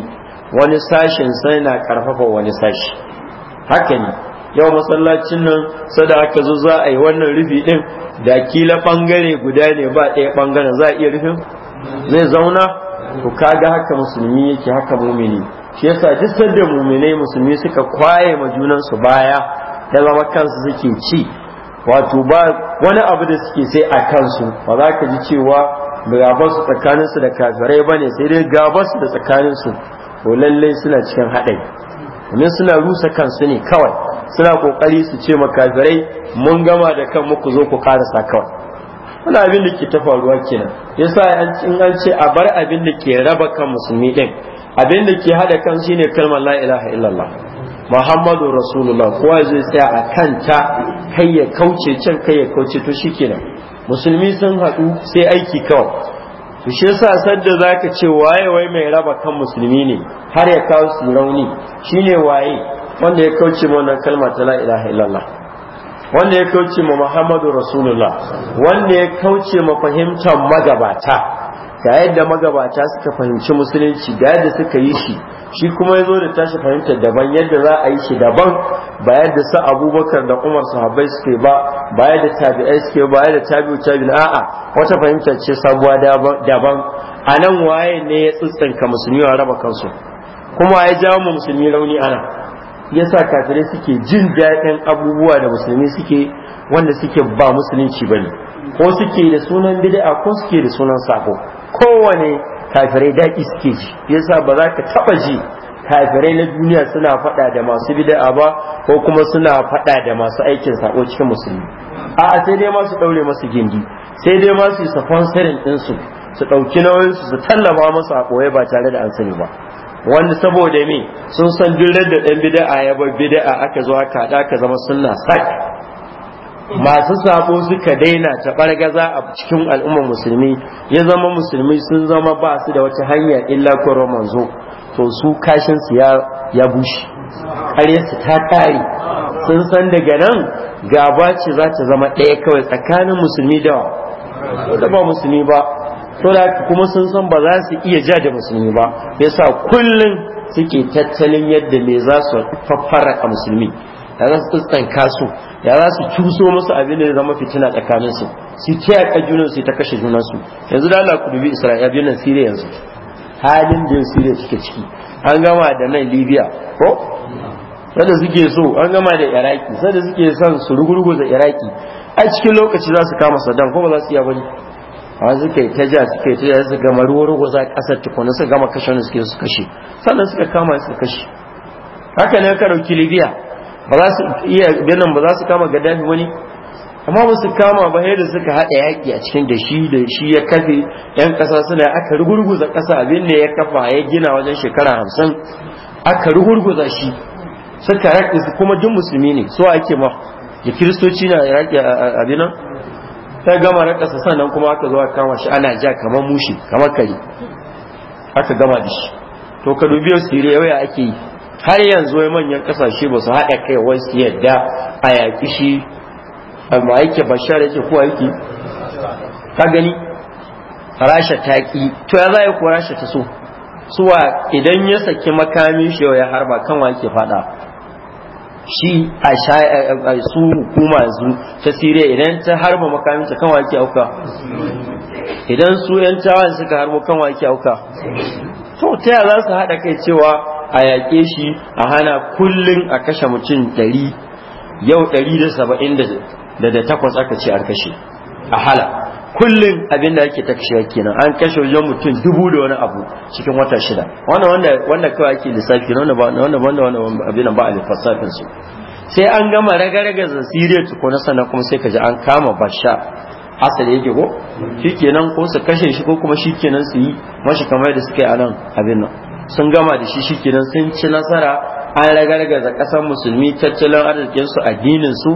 wani sashin sai na karfafa wani sashi haka ne yau masallacin nan sada aka zo za a yi wannan rufi din da kila bangare guda ne ba ɗaya bangare. za a iya rufin zai zauna to kaga haka musulmi yake haka mumini shi yasa duk da muminai musulmi suka kwaye ma junan su baya da zama kansu suke ci wato ba wani abu da suke sai a kansu ba za ka ji cewa gaban su tsakanin su da kafirai bane sai dai gaban su da tsakanin su to lallai suna cikin haɗari domin suna rusa kansu ne kawai suna kokari su ce makafirai mun gama da kan muku zo ku karasa kawai wani abin da ke ta faruwa kenan yasa in an ce a bar abin da ke raba kan musulmi din abin da ke hada kan shine kalmar la ilaha illallah muhammadu rasulullah kowa zai tsaya a kanta kai ya kauce can kai ya kauce to shikenan musulmi sun haɗu sai aiki kawai to shi yasa sadda zaka ce waye wai mai raba kan musulmi ne har ya kawo su rauni shine waye wanda ya kauce ma wannan kalma ta la ilaha illallah wanda ya kauce ma muhammadu rasulullah wanda ya kauce ma fahimtar magabata ga yadda magabata suka fahimci musulunci ga yadda suka yi shi shi kuma ya zo da tashi fahimtar daban yadda za a yi shi daban ba yadda sa abubakar da umar sahabbai suke ba ba yadda tabi'ai suke ba yadda tabi'u tabi'in a'a wata fahimtar ce sabuwa daban a nan waye ne ya tsitsinka musulmi a raba kansu kuma ya jawo mu musulmi rauni ana yasa kafirai suke jin daɗin abubuwa da musulmi suke wanda suke ba musulunci bane ko suke da sunan bid'a ko suke da sunan sako kowane kafirai daɗi suke ji yasa ba za ka taɓa ji kafirai na duniya suna faɗa da masu bid'a ba ko kuma suna faɗa da masu aikin sako cikin musulmi a'a sai dai ma su ɗaure masu gindi sai dai ma su yi sponsoring ɗinsu su ɗauki nauyinsu su tallafa masu a ɓoye ba tare da an sani ba wani saboda mi sun san duk da ɗan bida'a ya bar bida'a aka zo kaɗa ka zama sunna sak masu sabo suka daina ta bargaza a cikin al'ummar musulmi ya zama musulmi sun zama ba su da wata hanya illa kwaro manzo to su kashin su ya bushe su ta kare sun san daga nan gaba ce za ta zama ɗaya kawai tsakanin musulmi da da ba musulmi ba to da kuma sun san ba za su iya ja da musulmi ba yasa kullum suke tattalin yadda me za su a musulmi ya za su tsanka su ya za su cuso musu abin da ya zama fitina tsakanin su su ta ka junan su ta kashe junan su yanzu da Allah ku dubi Isra'ila nan Syria yanzu halin da Syria suke ciki an gama da nan Libya ko sada suke so an gama da Iraki sada suke son su rugurguza Iraki a cikin lokaci za su kama Saddam ko ba za su iya bane a suke ta ja suke ta ja su gama ruwa-ruwa kasar tukuna su gama kashe wani suke su kashe sannan suka kama su kashe haka ne ka dauki ba za su iya birnin ba za su kama gaddafi wani amma ba su kama ba yadda suka haɗa yaƙi a cikin da shi da shi ya kafe yan ƙasa suna aka rugurguza ƙasa abin da ya kafa ya gina wajen shekara hamsin aka rugurguza shi suka raƙi kuma duk musulmi ne so ake ma da kiristoci na raƙi abin nan ta gama na ƙasa sannan kuma aka zo kama shi ana ja kamar mushi kamar kare aka gama da shi to ka dubi siriya waya ake yi har yanzu wai manyan ƙasashe ba su haɗa kai wasu yadda a yaƙi shi amma yake bashar yake kuwa yake ka gani rasha ta ƙi to ya za ko rasha ta so suwa idan ya saki makamin shi ya harba kan wa yake faɗa shi a su hukuma yanzu ta siriya idan ta harba makamin ta kan wake auka idan su yan tawayen suka harbo kan wake auka to ta yaya za su haɗa kai cewa a yaƙe shi a hana kullum a kashe mutum ɗari yau ɗari da saba'in da takwas aka ce a kashe a hala kullum abin da ake ta kashe kenan an kashe wajen mutum dubu da wani abu cikin wata shida wannan wanda kawai ake lissafi wanda ba wanda wannan abin ba a lissafin su sai an gama ragaraga zan ko na sannan kuma sai ka ji an kama basha asali yake ko shikenan ko su kashe shi ko kuma shikenan su yi mashi kamar da suka yi a nan abin nan sun gama da shi shikenan sun ci nasara an ragargaza kasar musulmi tattalin arzikin su addinin su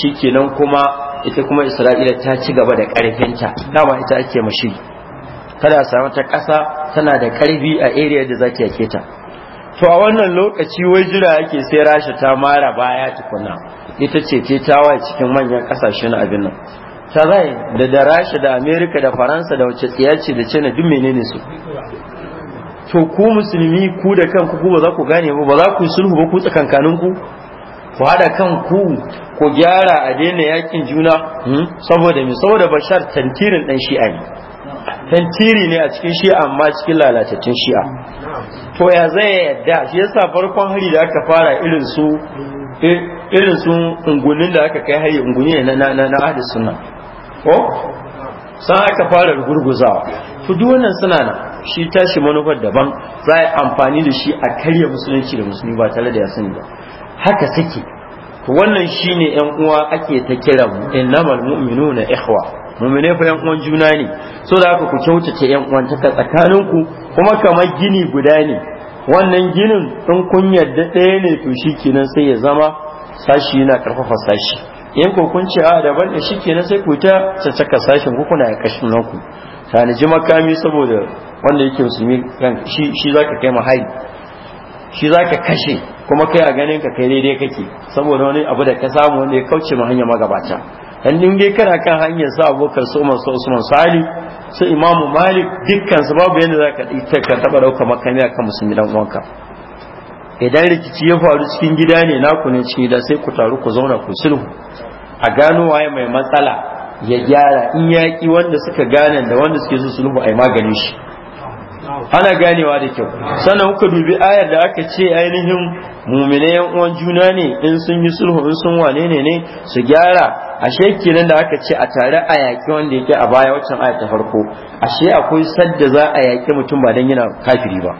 shikenan kuma ita kuma isra'ila ta ci gaba da ƙarfinta dama ita ake mashi kada a samu ta ƙasa tana da ƙarfi a area da zaki yake ta to a wannan lokaci wai jira yake sai rasha ta mara baya tukuna ita ce ce tawaye cikin manyan ƙasashen abin nan ta zai da da rasha da amerika da faransa da wace tsiya da cina duk menene su to ku musulmi ku da kanku ku ba za ku gane ba ba za ku sulhu ba ku tsakankaninku ku haɗa kan ku ku gyara a daina yakin juna hmm? saboda mi saboda bashar tantirin ɗan shi'a ne tantiri ne a cikin shi'a amma cikin lalatattun shi'a to ya zai yadda shi yasa farkon hari da aka fara irin su irin su ungunin da aka kai hari unguni ne na na na ahli sunna ko san aka fara gurguzawa to duk wannan suna nan shi tashi manufar daban za a amfani da shi a karya musulunci da musulmi ba tare da ya sani ba haka suke wannan shine yan uwa ake ta kira mu innamal mu'minuna ikhwa mu'mine fa yan uwan juna ne so da haka ku kyautata yan uwan ta ku kuma kamar gini guda ne wannan ginin in kun yarda ɗaya ne to shikenan sai ya zama sashi yana karfafa sashi in ko kun ce a daban da shikenan sai ku ta tsaka sashin ku kuna kashin ku tanaji makami saboda wanda yake musulmi shi zaka kai mahai shi za ka kashe kuma kai a ganin ka kai daidai kake saboda wani abu da ka samu wanda ya kauce ma hanya magabata dan din dai kana kan hanyar sa abokan su Umar su Usman Sali su Imam Malik dukkan su babu za zaka ita ka taba dauka makami akan musulmi dan uwanka idan rikici ya faru cikin gida ne naku ne cikin gida sai ku taru ku zauna ku sulhu a gano waye mai matsala ya gyara in yaƙi wanda suka gane da wanda suke so sulhu a yi maganin shi ana ganewa da kyau sannan kuka dubi ayar da aka ce ainihin mumine yan uwan juna ne in sun yi sulhu in sun wane ne ne su gyara ashe kenan da aka ce a tare a yaƙi wanda yake a baya waccan ayar ta farko ashe akwai sadda za a yaƙi mutum ba dan yana kafiri ba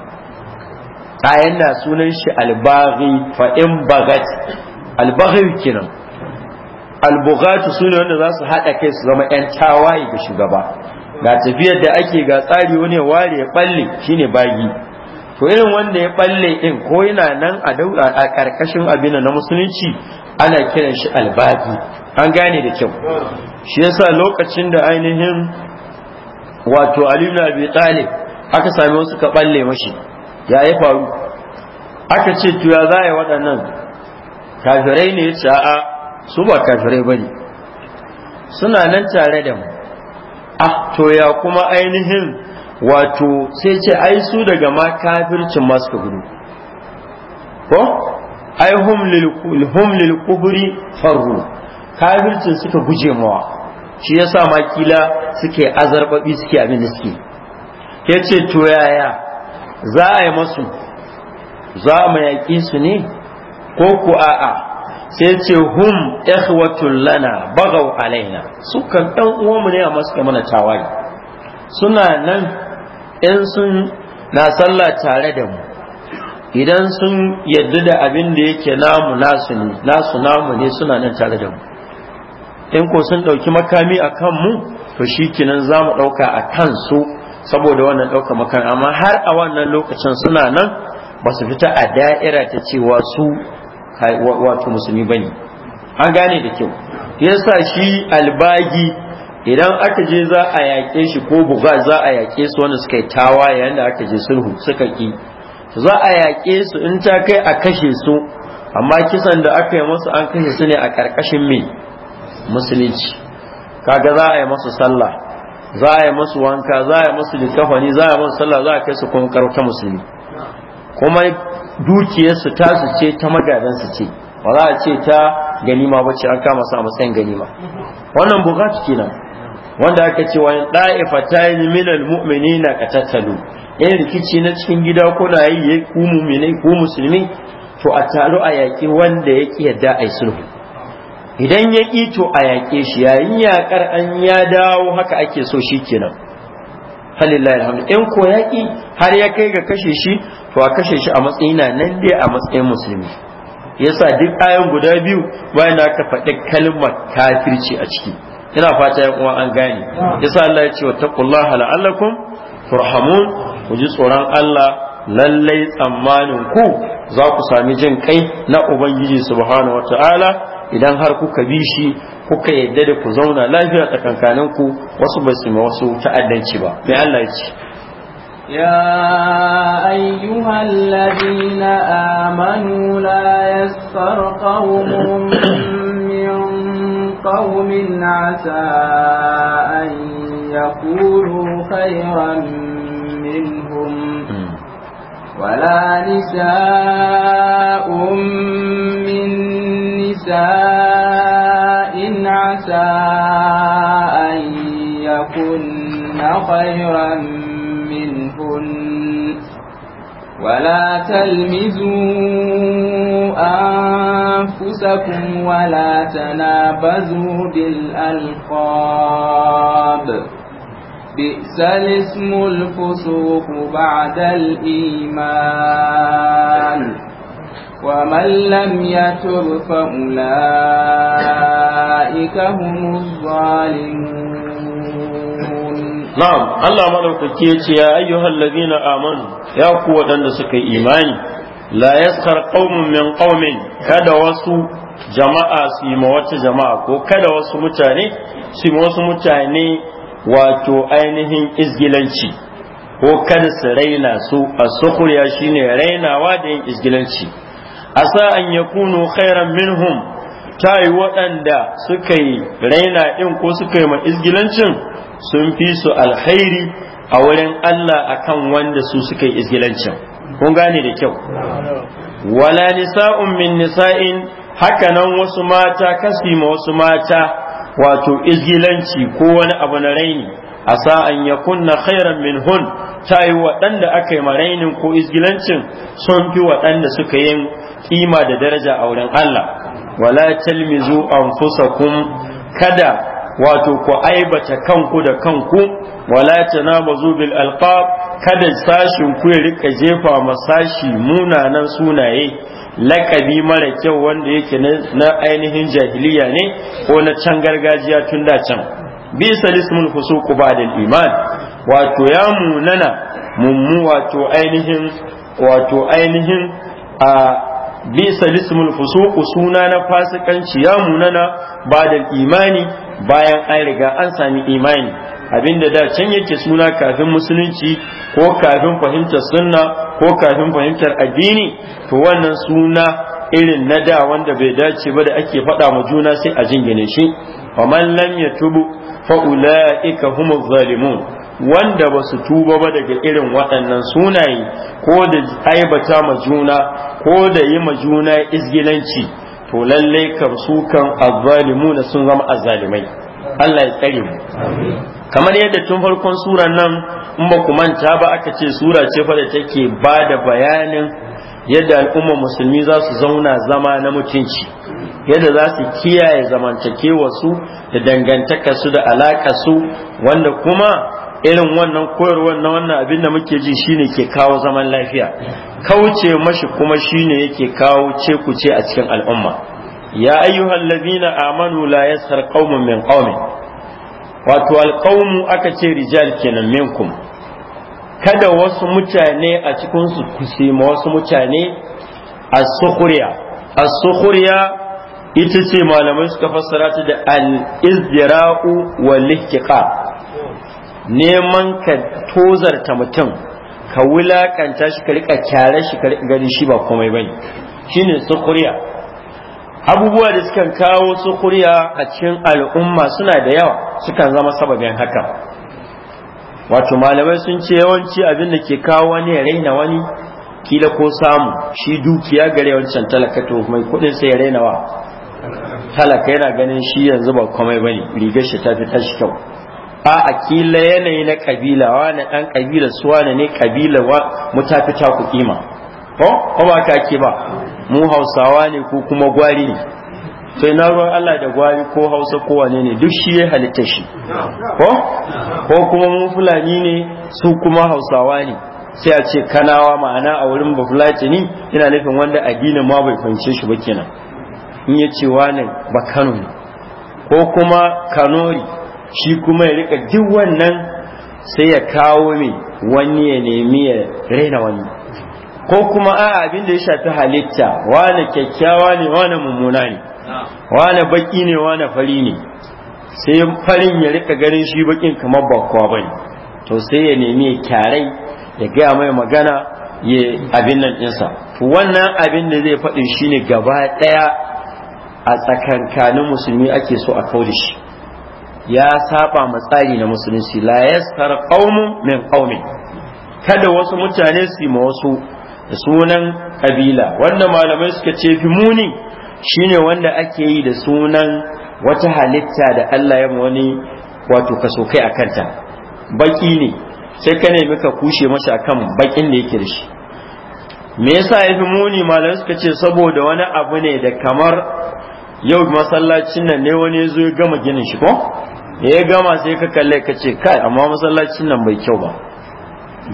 ayan na sunan shi albaghi fa in bagat albaghi kenan albugatu sune wanda za su haɗa kai su zama 'yan tawaye ga shugaba ga tafiyar da ake ga tsari wani ya ware ya balle shine bagi to irin wanda ya balle din ko yana nan a daura a karkashin abin na musulunci ana kiran shi albagi an gane da kyau shi yasa lokacin da ainihin wato Ali ibn Abi Talib aka sami wasu ka balle mashi ya yi faru aka ce to ya yi waɗannan kafirai ne ya ce a? su ba kafirai bane suna nan tare da mu ah to ya kuma ainihin wato sai ce ai su daga ma kafircin masu gudu ko ai hum lil kubri farru kafircin suka guje mawa shi yasa ma kila suke azarbabi suke abin suke yace to yaya za a yi masu za mu su ne ko ku a'a sai ce hum ikhwatul lana bagaw alaina su kan dan uwanmu ne amma suka mana tawaye suna nan in sun na sallah tare da mu idan sun yarda da abin da yake namu nasu ne nasu namu ne suna nan tare da mu in ko sun ɗauki makami a mu to shi kinan za mu ɗauka a kan su saboda wannan ɗauka makami amma har a wannan lokacin suna nan ba su fita a da'ira ta cewa su wato musulmi bane an gane da kyau yasa shi albagi idan aka je za a yaƙe shi ko buga za a yaƙe su wanda suka yi tawa yayin da aka je sulhu suka ki za a yaƙe su in ta kai a kashe su amma kisan da aka yi musu an kashe su ne a ƙarƙashin mai musulunci kaga za a yi musu sallah za a yi musu wanka za a yi musu litafani za a yi musu sallah za a kai su kuma ta musulmi kuma dukiyarsu tasu ce ta magadansu ce ba za a ce ta ganima ba ce an kama su a matsayin ganima wannan bukatu kenan wanda aka ce wani ɗa'ifa ta yi minal mu'mini na ka tattalo rikici na cikin gida ko na yi ya ku mu'mini ku musulmi to a taro a yaƙi wanda ya ƙi yadda a yi sulhu idan ya ƙi to a yaƙe shi yayin yaƙar an ya dawo haka ake so shi kenan falillahi alhamdu in ko yaƙi har ya kai ga kashe shi to a kashe shi a matsayin nan dai a matsayin musulmi yasa duk ayan guda biyu bayan da aka faɗi kalmar kafirci a ciki ina fata yan kuma an gane yasa Allah ya ce wa taqullaha la'allakum turhamun ku ji tsoron Allah lallai tsammanin ku za ku sami jin kai na Ubangiji subhanahu wataala idan har kuka bi shi kuka yadda da ku zauna lafiya tsakankanin ku wasu basu su ma wasu ta'addanci ba mai Allah ya ce ya ayyuhal ladina amanu la yassar qawmun min qawmin asa an yakulu khayran minhum ولا نساء من عسى أن يكن خيرا منهن ولا تلمزوا أنفسكم ولا تنابزوا بالألقاب بئس الاسم الفسوق بعد الإيمان ومن لم يتب فأولئك هم الظالمون نعم الله ملوك يا أيها الذين آمنوا يا قوة أنسك إيمان لا يسخر قوم من قوم كذا وسوء jama'a su yi wata jama'a ko kada wasu mutane su yi wasu mutane wato ainihin izgilanci ko kada su raina su a sukuriya shine rainawa da yin izgilanci asa an yakunu khairan minhum ta yi waɗanda suka yi raina ɗin ko suka yi ma izgilancin sun fi su alkhairi a wurin Allah akan wanda su suka yi izgilancin kun gane da kyau wala nisa'un min nisa'in nan wasu mata kasi ma wasu mata wato izgilanci ko wani abu na raini asa sa'an ya khairan minhun ta yi waɗanda aka yi rainin ko izgilancin sun fi waɗanda suka yi. kima da daraja a wurin Allah wala talmizu anfusakum kada wato ku aibata kanku da kanku wala tanabazu bil alqab kada sashin ku rika jefa masashi munanan sunaye lakabi mara kyau wanda yake na ainihin jahiliya ne ko na can gargajiya tun da can bisa lismul fusuqu ba'dal iman wato ya munana mummu wato ainihin wato ainihin a bisa lismul fusuku suna na fasikanci ya munana ba da imani bayan an riga an sami imani abinda da can yake suna kafin musulunci ko kafin fahimtar sunna ko kafin fahimtar addini to wannan suna irin na da wanda bai dace ba da ake faɗa ma juna sai a jingine shi wa lam yatubu fa ulaika humuz zalimun wanda ba su tuba ba daga irin waɗannan sunaye ko da aibata ma juna ko da yi ma juna izgilanci to lallai kam su kan azzalimu na sun zama azzalimai Allah ya tsare mu kamar yadda tun farkon suran nan in ba ku manta ba aka ce sura ce fa da take ba da bayanin yadda al'umma musulmi za su zauna zama na mutunci yadda za su kiyaye zamantakewa su da dangantaka su da alaka su wanda kuma irin wannan koyarwar na wannan abin da muke ji shine ke kawo zaman lafiya kauce mashi kuma shine yake kawo ce a cikin al'umma ya ayyuhal ladina amanu la yasar qaumun min qaumin wato alqaumu aka ce rijal kenan minkum kada wasu mutane a cikin su kusima wasu mutane as-sukhriya as-sukhriya ita ce malamai suka fassara ta da al-izdira'u wal ihtiqa neman ka tozarta mutum ka wulakanta shi ka rika kyare shi ka gani shi ba komai bane shine sukuriya abubuwa da sukan kawo sukuriya a cikin al'umma suna da yawa sukan zama sababin haka wato malamai sun ce yawanci abin da ke kawo wani ya raina wani kila ko samu shi dukiya gare wancan talaka to mai kudin sai ya raina wa talaka yana ganin shi yanzu ba komai bane rigar shi ta fi tashi kyau a akila yanayi na kabila na ɗan kabila su wani ne kabila wa mu ta ku kima ko ko ba ka ke ba mu hausawa ne ko kuma gwari ne to ina ruwan Allah da gwari ko hausa ko wane ne duk shi ya halitta shi ko ko kuma mu fulani ne su kuma hausawa ne sai a ce kanawa ma'ana a wurin ba bafulatani ina nufin wanda addinin ma bai fahimce shi ba kenan in ya ce ba kano ne ko kuma kanori shi kuma ya rika duk wannan sai ya kawo ne wani ya nemi ya raina wani ko kuma a abin da ya shafi halitta wane kyakkyawa ne wane mummuna ne wane baki ne wane fari ne sai farin ya rika ganin shi bakin kamar bakwa bane to sai ya nemi ya kyarai ya gaya mai magana ya abin nan ɗinsa wannan abin da zai faɗi ne gaba ɗaya a tsakankanin musulmi ake so a kawo shi ya saba matsayi na musulunci la yastar qaumun min qaumi kada wasu mutane su ma wasu da sunan kabila wanda malamai suka ce fi muni shine wanda ake yi da sunan wata halitta da Allah ya wani wato kaso kai a kanta baki ne sai ka nemi ka kushe masa akan bakin da yake da shi me yasa ya fi muni malamai suka ce saboda wani abu ne da kamar yau masallacin nan ne wani ya zo ya gama ginin shi ko da ya gama sai ka kalle ka ce kai amma masallacin nan bai kyau ba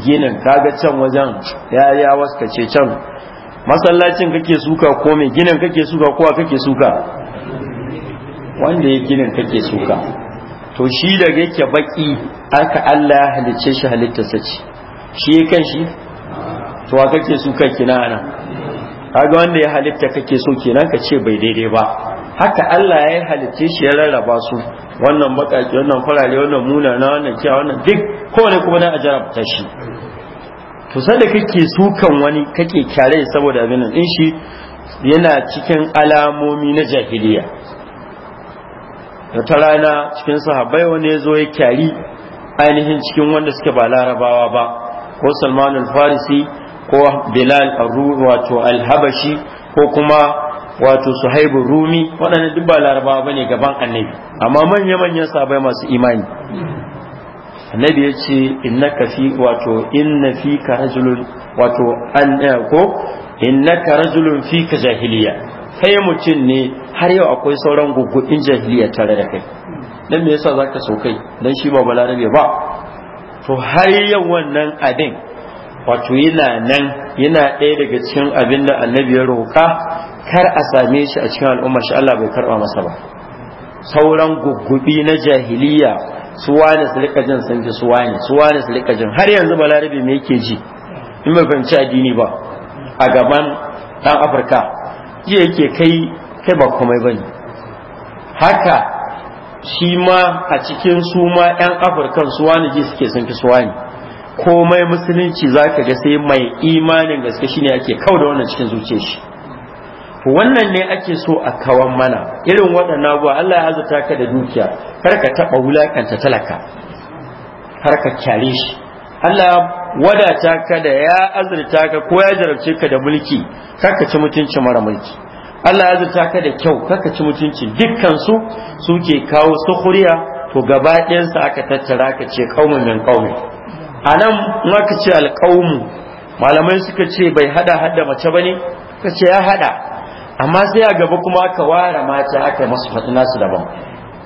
ginin kaga can wajen ya ya ce can masallacin kake suka ko mai ginin kake suka kowa kake suka wanda ya ginin kake suka to shi da yake baki aka Allah ya halicce shi halittarsa ce shi ya kan shi to kake suka kina kinana kaga wanda ya halitta kake so kenan ka ce bai daidai ba haka Allah ya halicce shi ya rarraba su wannan bakaki wannan farare wannan muna na wannan kiya wannan duk kowane kuma na a jarabta shi to da kake sukan wani kake kyare saboda abin nan din shi yana cikin alamomi na jahiliya ta rana cikin sahabbai wani ya zo ya kyari ainihin cikin wanda suke ba larabawa ba ko salmanul farisi ko bilal wato Alhabashi ko kuma wato suhaibu rumi waɗannan duk ba larabawa bane gaban annabi amma manya-manyan sabai masu imani annabi ya ce innaka fi wato inna fi ka rajulun wato an eh, ko innaka rajulun fi ka jahiliya kai mutum ne har yau akwai sauran gugguɗin jahiliya tare da kai dan me yasa zaka so kai dan shi ba balarabe ba to har yau wannan abin wato yana nan yana ɗaya daga cikin abinda da annabi ya roƙa kar a same shi a cikin al'ummar shi Allah bai karba masa ba sauran gugubi na jahiliya su wani su rika jin sun ji su wani su wani su rika jin har yanzu balarabe me yake ji in bai fahimci addini ba a gaban dan afirka ji yake kai kai ba komai bane haka shi ma a cikin su ma yan afirkan su wani ji suke sun su wani komai musulunci zaka ga sai mai imanin gaske shine ake kau da wannan cikin zuciyar shi wannan ne ake so a kawan mana irin waɗannan abuwa Allah ya azuta ka da dukiya har ka taɓa wulakanta talaka har ka kyare shi Allah wadata ka da ya azurta ka ko ya jarabce ka da mulki kar ka ci mutunci mara mulki Allah ya azurta ka da kyau kar ka ci mutunci dukkan su suke kawo sukuriya to gaba ɗayansa aka tattara ka ce kaumun min kaumi a nan aka ce malamai suka ce bai hada hada mace bane ka ce ya hada amma sai a gaba kuma aka ware mata aka masu faɗi nasu daban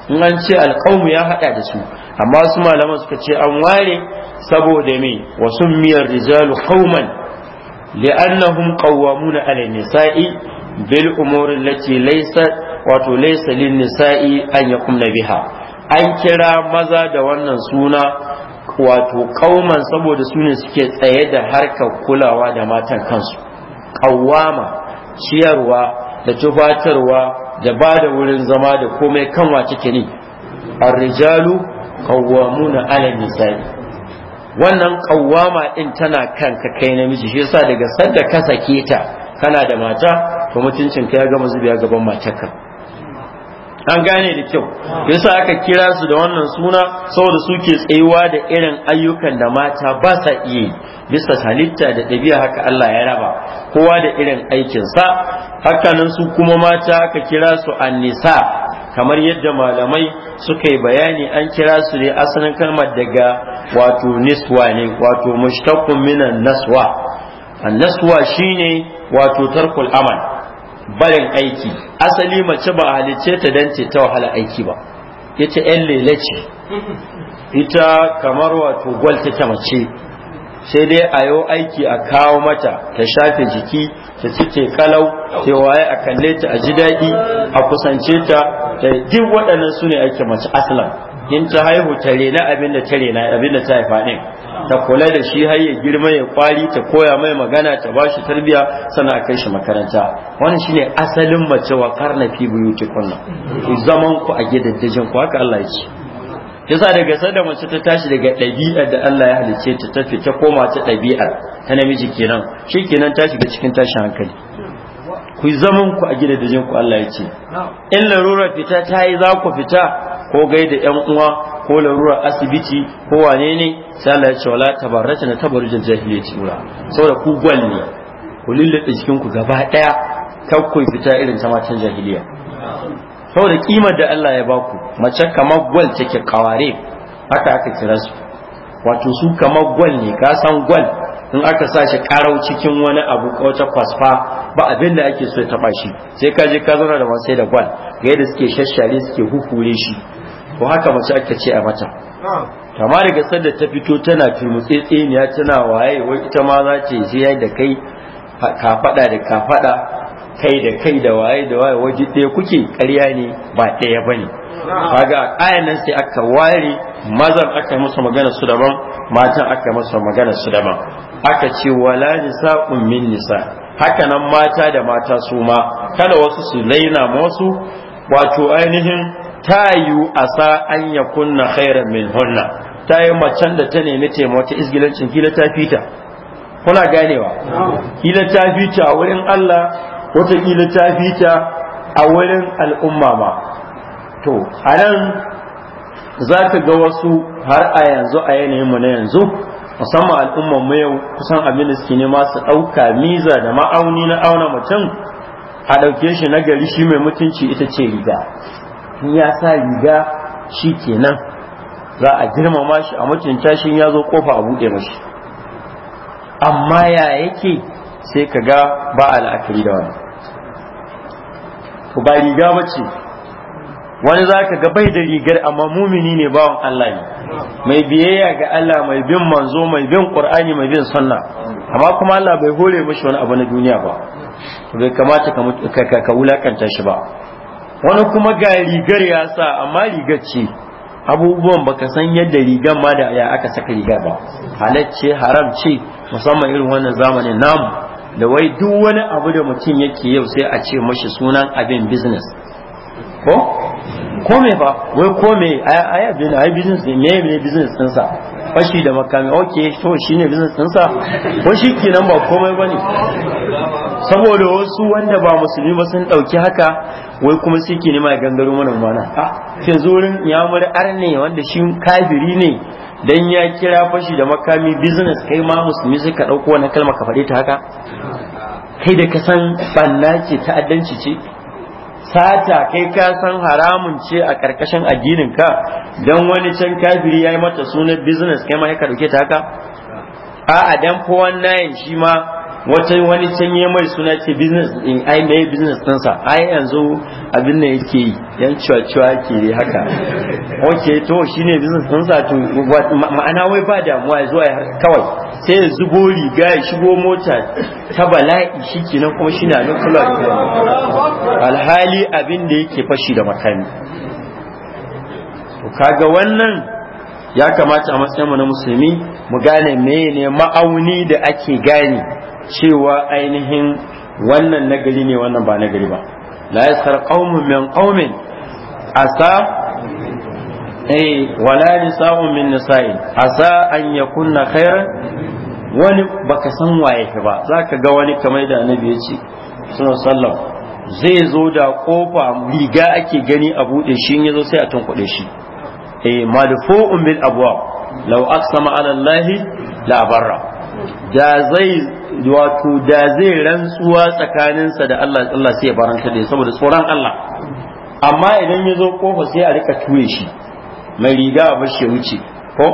in an ce alƙawmu ya haɗa da su amma su malaman suka ce an ware saboda me wasu miyar rijalu qauman li'annahum qawwamuna 'ala nisa'i bil umuri allati laysa wato laysa lin nisa'i an yaqumna biha an kira maza da wannan suna wato ƙawman saboda su ne suke tsaye da harkar kulawa da matan kansu ƙawwama. ciyarwa da tufatarwa da ba da wurin zama da komai kanwa cike ne arrijalu qawwamuna 'ala nisa'i wannan qawwama din tana kanka kai namiji shi yasa daga sanda ka sake ta kana da mata to mutuncin ka ya gama zubiya gaban matarka an gane da kyau yasa aka kira su da wannan suna saboda suke tsayuwa da irin ayyukan da mata ba sa iya bisa halitta da ɗabi'a haka Allah ya raba kowa da irin aikinsa hakanan su kuma mata aka kira su annisa kamar yadda malamai suka yi bayani an kira su ne asalin kalmar daga wato niswa ne wato mushtaqqun minan naswa annaswa shine wato tarkul amal barin aiki asali mace ba a halicce ta dance ta wahala aiki ba ita yan lele ce ita kamar wato gwal take mace sai dai a yau aiki a kawo mata ta shafe jiki ta cike kalau ta waye a kalle ta a ji daɗi a kusance ta da duk waɗannan su ne ake mace aslan in ta haihu ta rena abin da ta rena abin da ta haifa din ta kula da shi har ya girma ya kwari ta koya mai magana ta ba shi tarbiya sana kai shi makaranta wannan shine asalin mace wa karna fi buyutikunna ku zaman ku a gidajen ku haka Allah ya ce yasa daga sanda mace ta tashi daga ɗabi'ar da Allah ya halice ta tafi ta koma ta ɗabi'ar ta namiji kenan shikenan ta shiga cikin tashin hankali ku zaman ku a gidajen ku Allah ya ce in larura fita ta yi za ku fita ko gaida ƴan uwa ko larura asibiti ko wane ne sai Allah ya ce wala tabarata na tabarrujin jahiliyyati mura saboda ku gwal ne ku lullube jikin ku gaba daya fita irin ta matan jahiliya saboda kimar da Allah ya baku mace kamar gwal take kaware haka aka kira su wato su kamar gwal ne ka san gwal in aka sa shi karau cikin wani abu ko ta kwasfa ba abin da ake so ya taba shi sai ka je ka zauna da wasai da gwal ga yadda suke shashare suke hukure shi ko haka mace aka ce a mata kama daga sanda ta fito tana turmutsetseniya tana waye wai ita ma za ce sai yayi da kai fada da fada kai da kai da waye da waye waje ɗaya kuke ƙarya ne ba ɗaya bane kaga ayan nan sai aka ware mazan aka musu magana su daban matan aka musu magana su daban aka ce wala nisa, min nisa haka nan mata da mata su ma kada wasu su laina wasu wato ainihin ta yiwu a sa an ya kunna khairan min hunna ta yi macen da ta nemi taimako ta isgilancin kila ta fita kuna ganewa kila ta fita a wurin Allah wata kila ta fita a wurin al'umma ma to a nan za ka ga wasu har a yanzu a yanayin mu na yanzu musamman al'ummar mu yau kusan abin da suke nema su ɗauka miza da ma'auni na auna mutum a ɗauke shi na gari shi mai mutunci ita ce riga in ya sa riga shi kenan za a girmama shi a mutunta shi ya zo kofa a buɗe mashi amma ya yake sai ka ga ba a la'akari da wani ba riga ba ce wani za ka ga bai da rigar amma mumini ne bawan Allah ne mai biyayya ga Allah mai bin manzo mai bin qur'ani mai bin sunna amma kuma Allah bai hore mashi wani abu na duniya ba bai kamata ka wulakanta shi ba wani kuma ga rigar ya sa amma rigar ce abubuwan baka san yadda rigar ma da ya aka saka rigar ba halacce haram ce musamman irin wannan zamanin namu da wai duk wani abu da mutum yake yau sai a ce mashi sunan abin business ko ko me ba wai ko me ai ai business ne me me business din sa fashi da makami okay to shine business din sa ko shi kenan ba komai bane saboda wasu wanda ba musulmi ba sun ɗauki haka wai kuma su ke nema gangaro mana mana a ah. ke zurin ya ar ne wanda shi kafiri ne dan ya kira fashi da makami business kai ma musulmi ka ɗauko wani kalma ka faɗe ta haka kai da kasan banna ce ta'addanci ce sata kai ka san haramun ce a karkashin addinin ka dan wani can kafiri yi mata sunan business kai ma ka ɗauke ta haka a dan 419 shi ma wata wani can yi mai suna ce business in ai mai business A ai yanzu abin da yake yi yan cewa ke yi haka ok to shi ne business ɗinsa to ma'ana wai ba damuwa zuwa kawai sai ya zubo riga ya shigo mota ta bala'i shi nan kuma shi na nan kula alhali abin da yake fashi da makami kaga wannan ya kamata a matsayinmu na musulmi mu gane mene ma'auni da ake gane cewa ainihin wannan nagari ne wannan ba nagari ba la yasar qaumun min qaumin asa eh wala nisa'un min nisa'in asa an yakunna khairan wani baka san waye ke ba zaka ga wani kamar da annabi ya ce sallallahu zai zo da kofa riga ake gani a bude shi in yazo sai a tunkuɗe shi eh madfu'un bil abwab law aqsama ala allahi la barra da zai wato da zai rantsuwa tsakaninsa da Allah Allah sai ya baranta da saboda tsoron Allah amma idan ya zo kofa sai a rika tuye shi mai riga a bashi wuce ko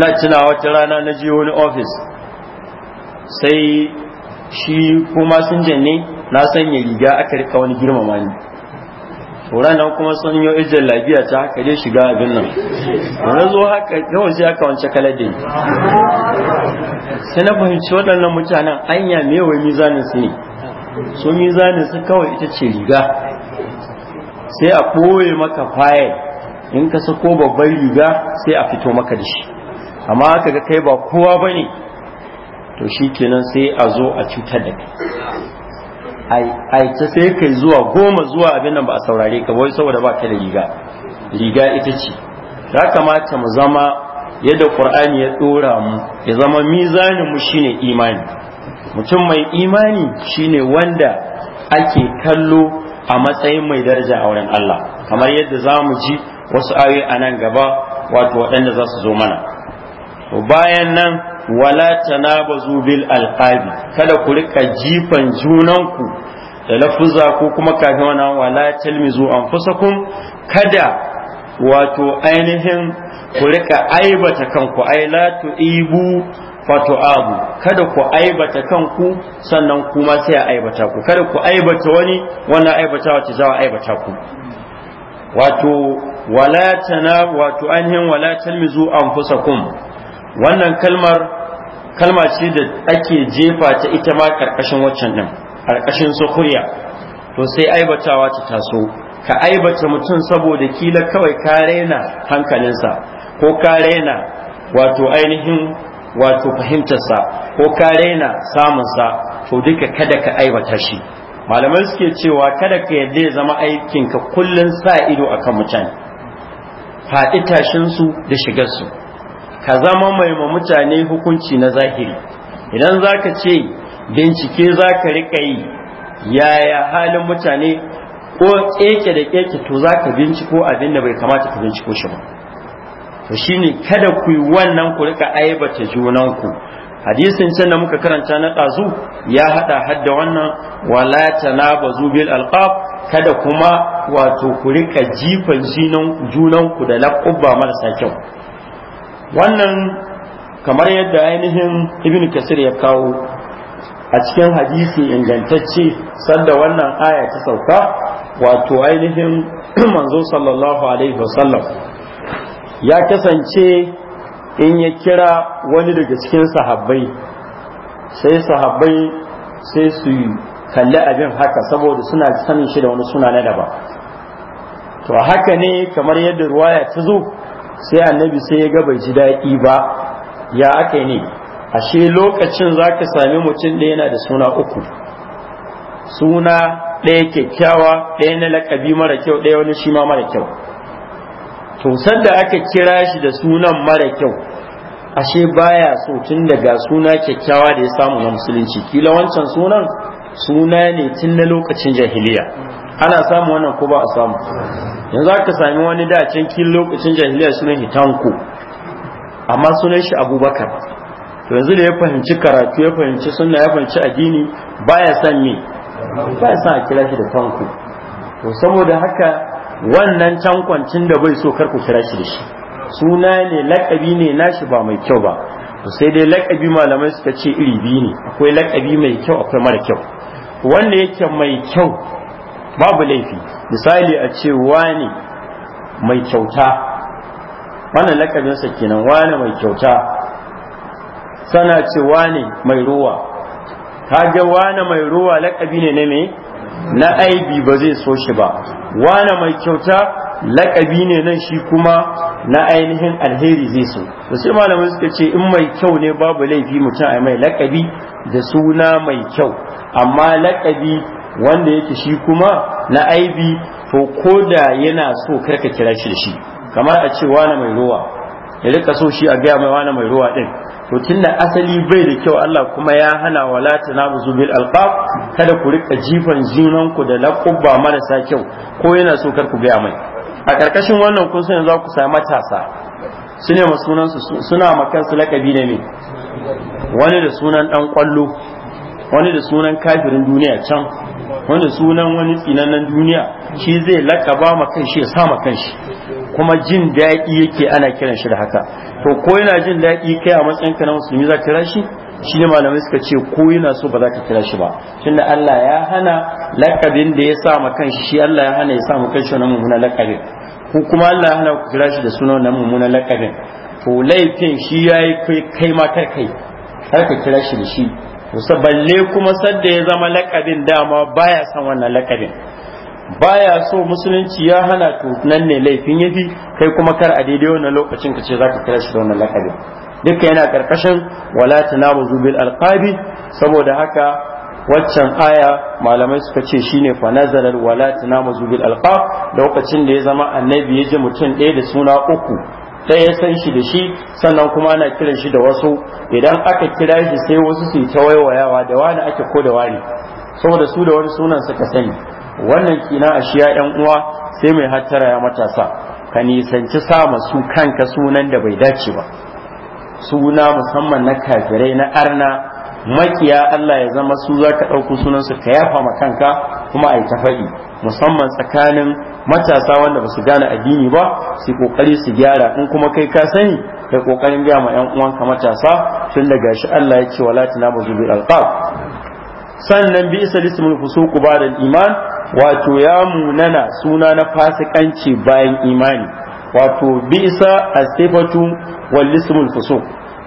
na tuna wata rana na je wani ofis sai shi kuma sun janne na sanya riga aka rika wani girmama ni ranar kuma sun yi ijin lafiya ta haka dai shiga abin nan na zuwa haka yawan sai aka wance kalade sai na fahimci waɗannan mutanen anya me mizanin su ne su mizanin su kawai ita ce riga sai a ɓoye maka fayil in ka sako babban riga sai a fito maka da shi amma haka ga kai ba kowa ba ne to shi kenan sai a zo a cutar da kai ai sai kai zuwa goma zuwa abin nan ba a saurare ka wai saboda ba ka da riga riga ita ce ya kamata mu zama yadda qur'ani ya dora mu ya zama mizanin mu shine imani mutum mai imani shine wanda ake kallo a matsayin mai daraja a wurin Allah kamar yadda za mu ji wasu ayoyi a nan gaba wato waɗanda za su zo mana bayan nan wala tanabazu bil alqabi kada ku rika jifan junanku da lafuza ko kuma kafin wannan wala talmizu anfusakum kada wato ainihin ku rika aibata kanku ai la tu'ibu fatu'abu kada ku aibata kanku sannan kuma sai a aibata ku kada ku aibata wani wannan aibatawa ta a aibata ku wato wala tana wato ainihin wala talmizu anfusakum wannan kalmar kalma ce da ake jefa ta ita ma karkashin waccan din karkashin sukuriya to sai aibatawa ta taso ka aibata mutum saboda kila kawai ka raina hankalinsa ko ka raina wato ainihin wato fahimtarsa ko ka raina samunsa to duka kada ka aibata shi malamai suke cewa kada ka yadda ya zama aikinka kullum sa ido akan mutane faɗi tashinsu da shigarsu ka zama mai ma mutane hukunci na zahiri idan za ka ce bincike za ka riƙa yi yaya halin mutane ko keke da keke to za ka binciko abin da bai kamata ka binciko shi ba to ne kada ku yi wannan ku riƙa aibata junanku hadisin can da muka karanta na ɗazu ya haɗa hadda wannan walata na ba bil alƙaf kada kuma wato ku riƙa jifan junanku ku da laƙubba marasa kyau wannan kamar yadda ainihin ibn kasir ya kawo a cikin hadisi ingantacce sanda wannan aya ta sauka wato ainihin manzo sallallahu alaihi wasallam ya kasance in ya kira wani daga cikin sahabbai sai sahabbai sai su kalli abin haka saboda suna sanin shi da wani suna na daba to haka ne kamar yadda ruwaya ta zo sai annabi sai ya ga bai ji daɗi ba ya aka yi ne ashe lokacin za ka sami mutum ɗaya yana da suna uku suna ɗaya kyakkyawa ɗaya na lakabi mara kyau ɗaya wani shi ma mara kyau to da aka kira shi da sunan mara kyau ashe baya so tun daga suna kyakkyawa da ya samu na musulunci kila wancan sunan suna ne tun na lokacin jahiliya ana samu wannan ko ba a samu yanzu aka sami wani da can kin lokacin jahiliya sunan hitanku amma sunan shi abubakar to yanzu da ya fahimci karatu ya fahimci suna ya fahimci addini baya san me baya san a kira shi da tanku to saboda haka wannan tankwancin da bai so kar ku kira shi da shi suna ne lakabi ne nashi ba mai kyau ba sai dai lakabi malamai suka ce iri biyu ne akwai lakabi mai kyau akwai mara kyau wanda yake mai kyau babu laifi misali a ce wani mai kyauta wannan lakabinsa kenan wani mai kyauta sana ce wani mai ruwa kaga wani mai ruwa lakabi ne na mai na aibi ba zai so shi ba wane mai kyauta lakabi ne nan shi kuma na ainihin alheri zai so Da sai malamai suka ce in mai kyau ne babu laifi mutum a mai lakabi da suna mai kyau amma lakabi wanda yake shi kuma na aibi to ko da yana so karka kira shi da shi kamar a ce wane mai ruwa ya rika so shi a gaya mai wane mai ruwa din to tunda asali bai da kyau Allah kuma ya hana wala tanabuzu bil alqab kada ku rika jifan junan ku da laqabba marasa kyau ko yana so kar ku gaya mai a karkashin wannan kun san za ku sami matasa su ne masunan su suna makan su lakabi ne ne wani da sunan dan kwallo wani da sunan kafirin duniya can wani sunan wani tsinanan duniya shi zai lakaba ma kanshi ya sama kanshi kuma jin daɗi yake ana kiran shi da haka to ko yana jin daɗi kai a matsayin ka na musulmi za ka kira shi shi ne malamai suka ce ko yana so ba za ka kira shi ba tunda Allah ya hana lakabin da ya sama kanshi shi Allah ya hana ya sama shi wannan mummunan lakabin ko kuma Allah ya hana ku kira shi da sunan wannan mummunan lakabin to laifin shi yayi kai kai ma kai kai har ka kira shi da shi kusa balle kuma sadda ya zama lakabin dama baya son wannan lakabin baya so musulunci ya hana to nan ne laifin yafi kai kuma kar a daidai wannan lokacin ka ce zaka kira shi da wannan lakabin duka yana karkashin wala tanabuzu bil alqabi saboda haka waccan aya malamai suka ce shine fa nazaral wala tanamuzu bil alqab lokacin da ya zama annabi ya ji mutum ɗaya da suna uku ɗaya san shi da shi sannan kuma ana kiran shi da wasu idan aka kira shi sai wasu su ta waiwayawa da wani ake ko da wani saboda su da wani sunan suka sani wannan kina a shiya yan uwa sai mai hattara ya matasa ka nisanci sama su kanka sunan da bai dace ba suna musamman na kafirai na arna makiya Allah ya zama su za ka ɗauko sunansu ka yafa ma kanka kuma a yi ta faɗi musamman tsakanin matasa wanda ba su gane addini ba su kokari su gyara in kuma kai ka sani kai kokarin gaya ma yan uwanka matasa tun da gashi Allah ya ce wala tanabuzu bil alqab sannan bi isa lismul fusuq ba'da iman wato ya munana suna na fasikanci bayan imani wato bi isa asifatu wal lismul fusuq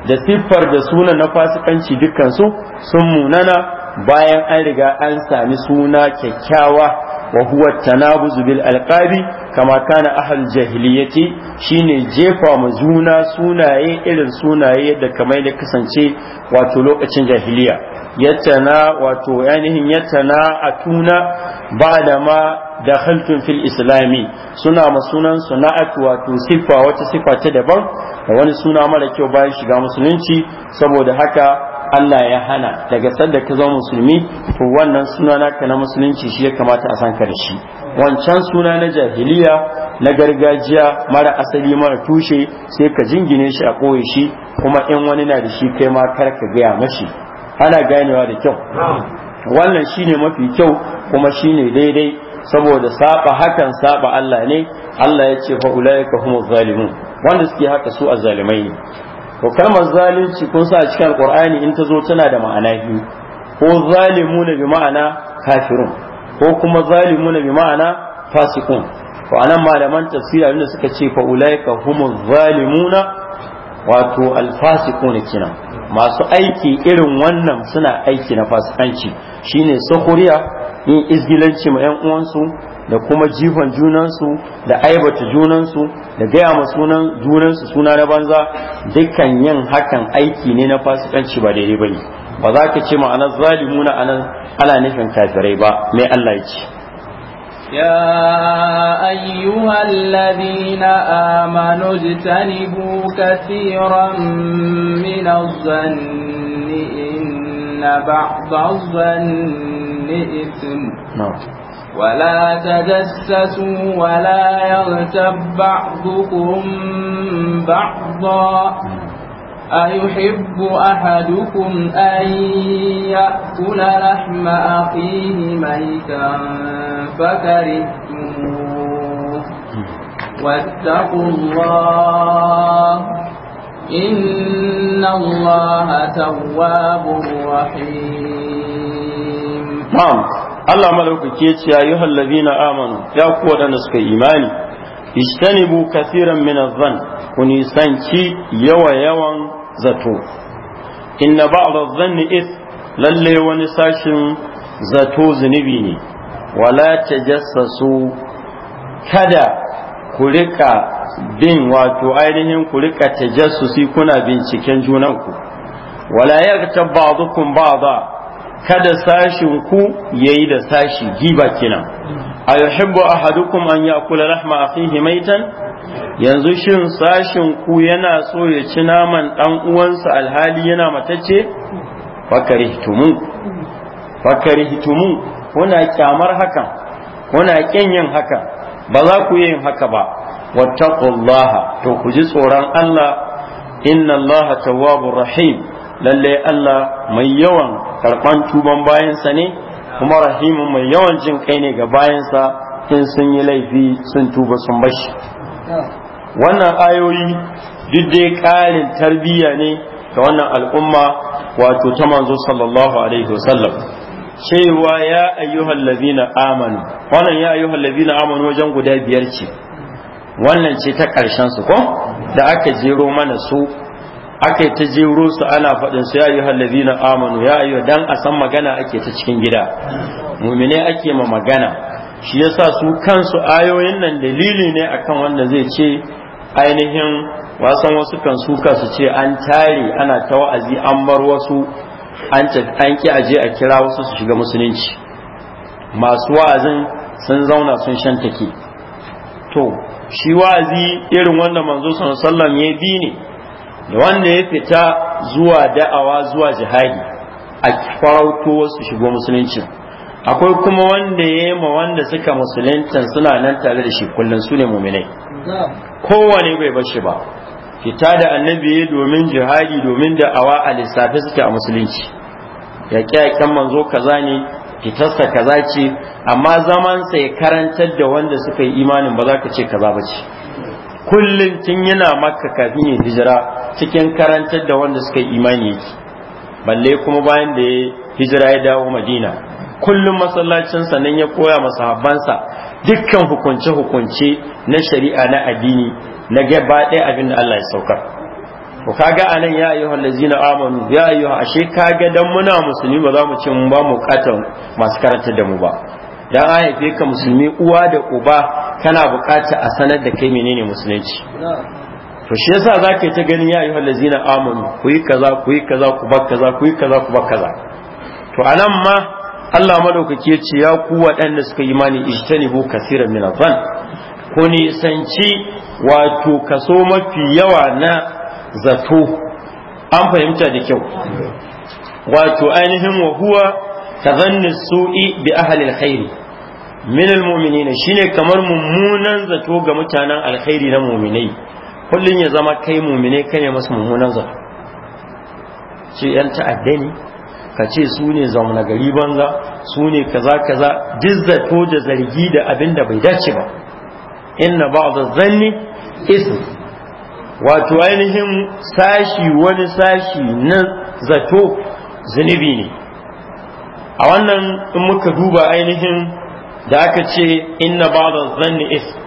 da siffar da suna na fasikanci dukkan su sun munana bayan an riga an sami suna kyakkyawa wa huwa tanabuzu bil alqabi kama kana ahal jahiliyyati shine jefa ma juna sunaye irin sunaye da kamar da kasance wato lokacin jahiliya yatana wato ainihin yatana atuna da ma dakhaltum fil islami suna ma sunan sana'at wato siffa wata siffa ta daban da wani suna mara kyau bayan shiga musulunci saboda haka Allah ya hana daga sanda ka zama musulmi to wannan suna naka na musulunci shi ya kamata a san ka da shi wancan suna na jahiliya na gargajiya mara asali mara tushe sai ka jingine shi a koye shi kuma in wani na da shi kai ma kar ka gaya mashi ana ganewa da kyau wannan shine mafi kyau kuma shine daidai saboda saba hakan saba Allah ne Allah ya ce fa ulaika humu zalimun wanda suke haka su azzalimai ne to kalmar zalunci kun sa a cikin alqur'ani in ta zo tana da ma'ana biyu ko zalimuna bi ma'ana kafirun ko kuma zalimuna bi ma'ana fasikun to anan malaman tafsira inda suka ce fa ulaika humu zalimuna wato alfasikun kina masu aiki irin wannan suna aiki na fasikanci shine Sakuriya, yin izgilanci ma yan uwansu da kuma jifan junansu da aibata junansu da gaya ma junansu suna na banza dukkan yin hakan aiki ne na fasikanci ba daidai ba ne, ba za ka ce ma'anar zalimuna anan ana nufin kafirai ba mai Allah ya ce يا أيها الذين آمنوا اجتنبوا كثيرا من الظن إن بعض الظن إثم ولا تجسسوا ولا يغتب بعضكم بعضا أيحب أحدكم أن يأكل لحم أخيه ميتا فكرهتموه واتقوا الله إن الله تواب رحيم نعم. Allah malaukake ce ya yi hallazina amanu ya kuwa waɗanda suka imani ishtanibu kasiran minazan ku nisanci yawa yawan zato inna ba'd zanni is lalle wani sashin zato zunubi ne wala tajassasu kada ku rika bin wato ainihin ku rika tajassusi kuna binciken junanku wala yartab ba'dukum ba'da kada sashin ku yayi da sashi giba kenan a yuhibbu ahadukum an ya'kula rahma akhihi maitan yanzu shin sashin ku yana so ya ci naman dan uwansa alhali yana matacce fakarihtumu fakarihtumu kuna kyamar hakan kuna kin yin hakan ba za ku yin haka ba wattaqullaha to ku ji tsoron Allah inna Allaha tawwabur rahim lalle Allah mai yawan karban tuban bayansa ne kuma rahimu mai yawan jin kai ne ga bayansa in sun yi laifi sun tuba sun bashi wannan ayoyi duk dai ƙarin tarbiyya ne ga wannan al'umma wato ta manzo sallallahu alaihi wasallam cewa ya ayyuhal ladina amanu wannan ya ayyuhal ladina amanu wajen guda biyar ce wannan ce ta ƙarshen su ko da aka jero mana su ake ta jero su ana faɗin su ya yi ayyuhal na amanu ya yi dan a san magana ake ta cikin gida mumine ake ma magana shi ya sa su kansu ayoyin nan dalili ne akan wanda zai ce ainihin wasan wasu kan suka su ce an tare ana ta wa'azi an bar wasu an ki aje a kira wasu su shiga musulunci masu wa'azin sun zauna sun shantake to shi wa'azi irin wanda manzo sallallahu alaihi wasallam ya bi ne da wanda ya fita zuwa da'awa zuwa jihadi a farauto wasu shigo musulunci akwai kuma wanda ya yi ma wanda suka musulunta suna nan tare da shi kullum su ne muminai kowane bai bashi ba fita da annabi ya domin jihadi domin da'awa a lissafi suke a musulunci yaƙe-yaƙen manzo kaza ne fitarsa kaza ce amma zamansa ya karantar da wanda suka yi imanin ba za ka ce kaza ba ce kullum tun yana makka kafin ya hijira cikin karantar da wanda suka yi imani yake balle kuma bayan da ya hijira ya dawo madina kullum masallacinsa nan ya koya habbansa dukkan hukunce-hukunce na shari'a na addini na gaba ɗaya abin da Allah ya saukar ko kaga anan ya ayyuha allazina amanu ya ayyuha ashe kaga dan muna musulmi ba za mu ce mun ba mu katon masu karantar da mu ba dan an haife ka musulmi uwa da uba kana bukata a sanar da kai menene musulunci to shi yasa zaka yi ta gani ya ayyuhal ladzina amanu ku yi kaza ku yi kaza ku bar kaza ku yi kaza ku bar kaza to anan ma Allah madaukake ya ce ya ku waɗanda suka yi imani bu kasiran min adh ku nisanci wato kaso mafi yawa na zato an fahimta da kyau wato ainihin wa huwa tazanni su'i bi ahli alkhairi min almu'minina shine kamar mummunan zato ga mutanen alkhairi na mu'minai kullum ya zama kai mumine kan ya masu mummunan zato ce yan ta'adda ne ka ce su ne zauna gari banza su ne kaza kaza ko da zargi da abin da bai dace ba inna ba'd zanni isu wato ainihin sashi wani sashi na zato zunubi ne a wannan in muka duba ainihin da aka ce inna ba'd zanni isu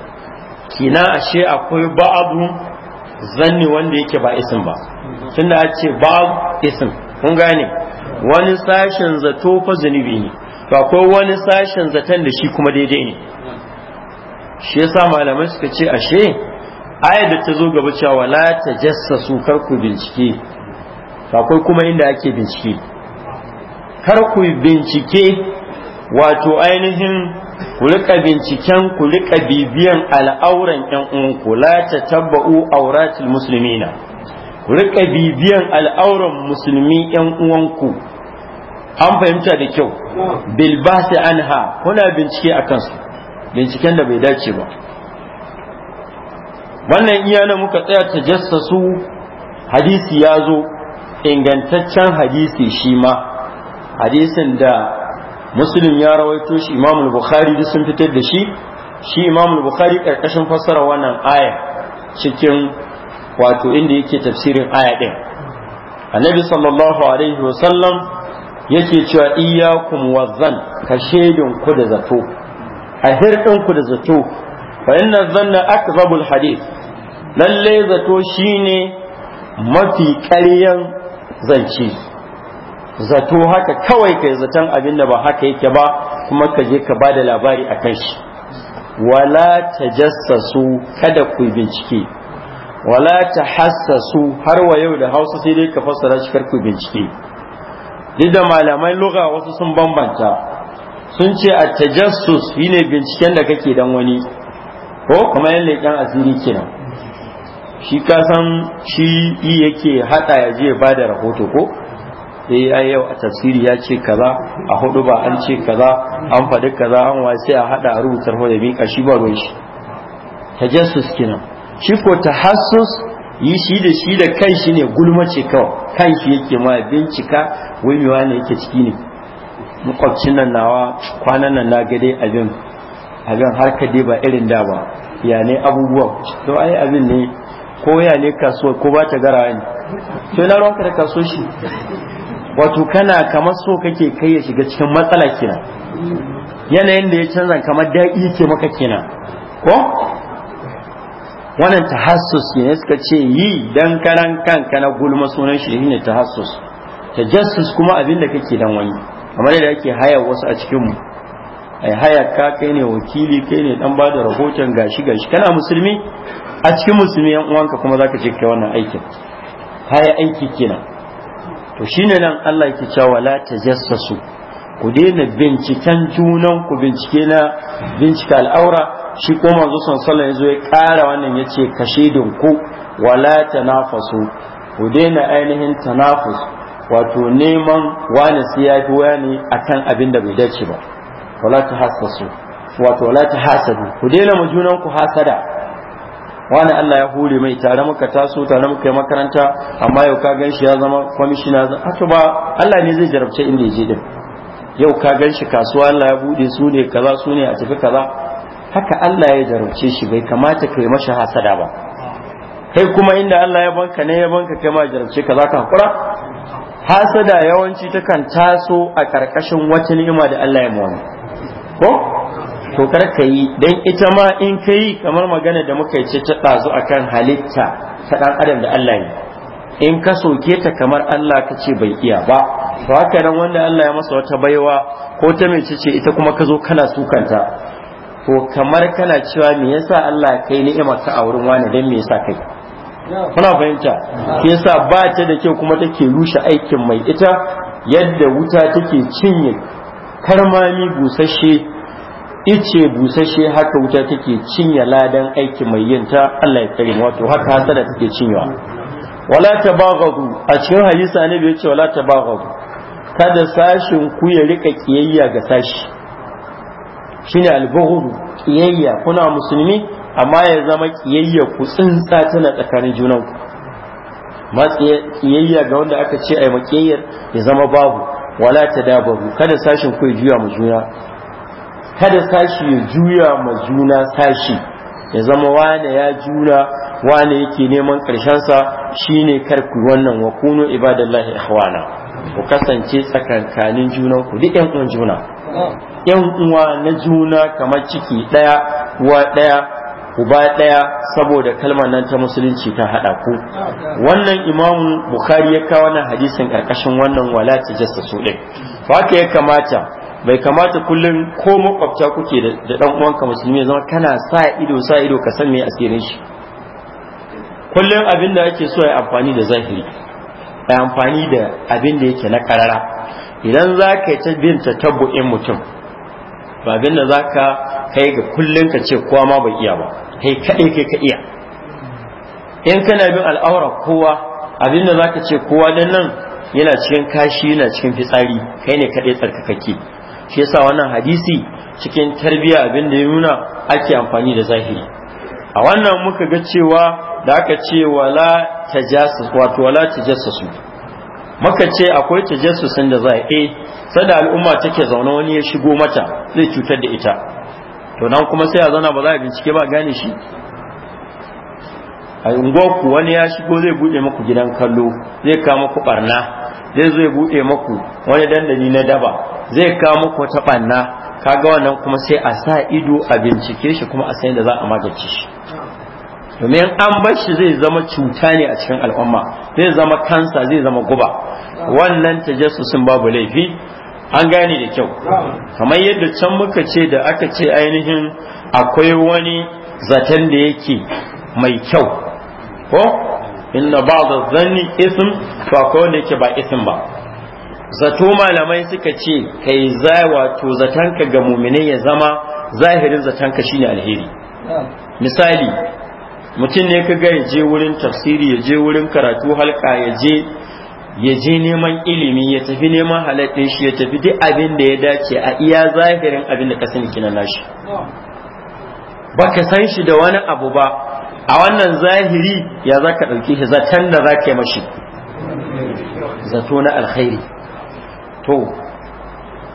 kina ashe akwai ba'abu zanni wanda yake ba isim ba tunda a ce ba isim kun gane wani sashen zato fa zunubi ne to akwai wani sashen zaton da shi kuma daidai ne shi yasa malamai suka ce ashe ayar da ta zo gaba cewa wala ta jassa su kar ku bincike akwai kuma inda ake bincike kar ku bincike wato ainihin ku rika binciken ku rika bibiyan al'auran yan uwanku la tabba'u auratul muslimina ku rika bibiyan al'auran musulmi yan uwanku an fahimta da kyau bil anha kuna bincike akan su binciken da bai dace ba wannan iyana muka tsaya ta jassasu hadisi ya zo ingantaccen hadisi shi ma hadisin da muslim ya rawaito shi imam bukhari duk sun fitar da shi shi imam bukhari karkashin fassara wannan aya cikin wato inda yake tafsirin aya din annabi sallallahu alaihi wasallam yake cewa iyyakum wazan ka shedin ku da zato a hirdin ku da zato fa inna dhanna akzabul hadith lalle zato shine mafi ƙaryan zance zato haka kawai kai zaton abin da ba haka yake ba kuma ka je ka bada labari a kan shi wala tajassasu kada ku bincike wala tahassasu har wa yau da Hausa sai dai ka fassara shi kar ku bincike duk da malaman lugha wasu sun bambanta sun ce a tajassus shine binciken da kake dan wani ko kuma yan leƙen asiri kenan shi ka san shi yake haɗa ya je ba da rahoto ko sai ya yau a tasiri ya ce kaza a hudu ba an ce kaza an faɗi kaza an wa a haɗa a rubutar da miƙa kashi ba ruwan shi tajassus kenan shi ko tahassus yi shi da shi da kan shi ne gulma ce kawai kan shi yake ma bincika wai ne yake ciki ne makwabcin nan nawa kwanan nan na gade abin abin har ka dai ba irin da ba ya ne abubuwa to ai abin ne ko ya ne kasuwa ko ba ta gara ne to na ruwanka da kaso shi wato kana kamar so kake kai ya shiga cikin matsala kenan yanayin da ya canza kamar daɗi ke maka kenan ko wannan tahassus ne suka ce yi dan karan kanka na gulma sunan shi ne tahassus tajassus kuma abin da kake dan wani kamar yadda ake haya wasu a cikin mu ai haya ka kai ne wakili kai ne dan bada rahoton gashi gashi kana musulmi a cikin musulmi yan uwanka kuma zaka je kai wannan aikin haya aiki kenan to shine nan Allah yake cewa la tajassasu ku daina binciken junan ku bincike na bincika al'aura shi ko manzo son sallan yazo ya ƙara wannan yace din ku wala tanafasu ku daina ainihin tanafus wato neman wani sai ya fi wani akan abin da bai dace ba wala tahassasu wato wala tahasadu ku daina ma junan ku hasada wani Allah ya hure mai tare muka taso tare muka yi makaranta amma yau ka ganshi ya zama kwamishina haka ba Allah ne zai jarabce inda ya je din yau ka ganshi kasuwa Allah ya bude su ne kaza su ne a tafi kaza haka Allah ya jarabce shi bai kamata ka yi masa hasada ba kai kuma inda Allah ya banka ne ya banka kai ma jarabce kaza ka hakura hasada yawanci takan taso a karkashin wata ni'ima da Allah ya wani ko to kar ka yi dan ita ma in ka yi kamar magana da muka ce ta ɗazu akan halitta ta ɗan adam da Allah ne in ka soke ta kamar Allah ka ce bai iya ba to haka nan wanda Allah ya masa wata baiwa ko ta mai ce ita kuma ka zo kana sukanta to kamar kana cewa me yasa Allah kai ni'ima ta a wurin wani dan me yasa kai kuna fahimta ke yasa ba ta da kyau kuma take rushe aikin mai ita yadda wuta take cinye karmami busasshe ice busashe haka wuta take cinye ladan aiki mai yin ta Allah ya kare wato haka hasada take cinyewa wala tabaghadu a cikin hadisi annabi ce wala tabaghadu kada sashin ku ya rika kiyayya ga sashi shine albughdu kiyayya kuna musulmi amma ya zama kiyayya ku tsinsa tana tsakanin ku. ma kiyayya ga wanda aka ce ai makiyayya ya zama babu wala tadabaru kada sashin ku ya juya mu juna kada sashi ya juya ma juna sashi ya zama wane ya juna wane yake neman sa shine karku wannan wa kunu ibadallahi ikhwana ku kasance tsakankanin junan ku duk yan juna yan uwa na juna kamar ciki ɗaya uwa ɗaya uba ɗaya saboda kalmar nan ta musulunci ta haɗa ku wannan imamu bukhari ya kawo wannan hadisin karkashin wannan wala ta jasta su haka ya kamata bai kamata kullum ko makwabta kuke da dan uwanka musulmi zama kana sa ido sa ido ka san me asirin shi kullum abin da ake so ya amfani da zahiri ya amfani da abin da yake na karara idan za ka ta bin ta tabbu'in mutum ba abin da za kai ga kullum ka ce kowa ma bai iya ba kai kaɗai kai ka iya in kana bin al'aura kowa abin da za ka ce kowa dan nan yana cikin kashi yana cikin fitsari kai ne kaɗai tsarkakakke shi yasa wannan hadisi cikin tarbiyya abin da ya nuna ake amfani da zahiri a wannan muka ga cewa da aka ce wala tajassus wato wala tajassus muka ce akwai tajassus da za a eh sada al'umma take zaune wani ya shigo mata zai cutar da ita to nan kuma sai a zauna ba za a bincike ba gane shi a unguwarku wani ya shigo zai bude muku gidan kallo zai kama ku barna zai zo ya bude maku wani dandali na daba zai kawo muku wata banna kaga wannan kuma sai a sa ido a bincike shi kuma a san da za a magance shi domin an bar shi zai zama cuta ne a cikin al'umma zai zama kansa zai zama guba wannan tajassusin babu laifi an gane da kyau kamar yadda can muka ce da aka ce ainihin akwai wani zaton da yake mai kyau ko inna ba da zanni ism to akwai wanda yake ba ism ba zato malamai suka ce kai za wato zatanka ga muminai ya zama zahirin zatanka shine alheri misali mutum ne ka ga ya je wurin tafsiri ya je wurin karatu halka ya je ya je neman ilimi ya tafi neman halattun shi ya tafi duk abin da ya dace a iya zahirin abin da ka sani kina nashi Ba ka san shi da wani abu ba a wannan zahiri ya zaka ɗauki shi zaton da za ka yi mashi zato na alkhairi to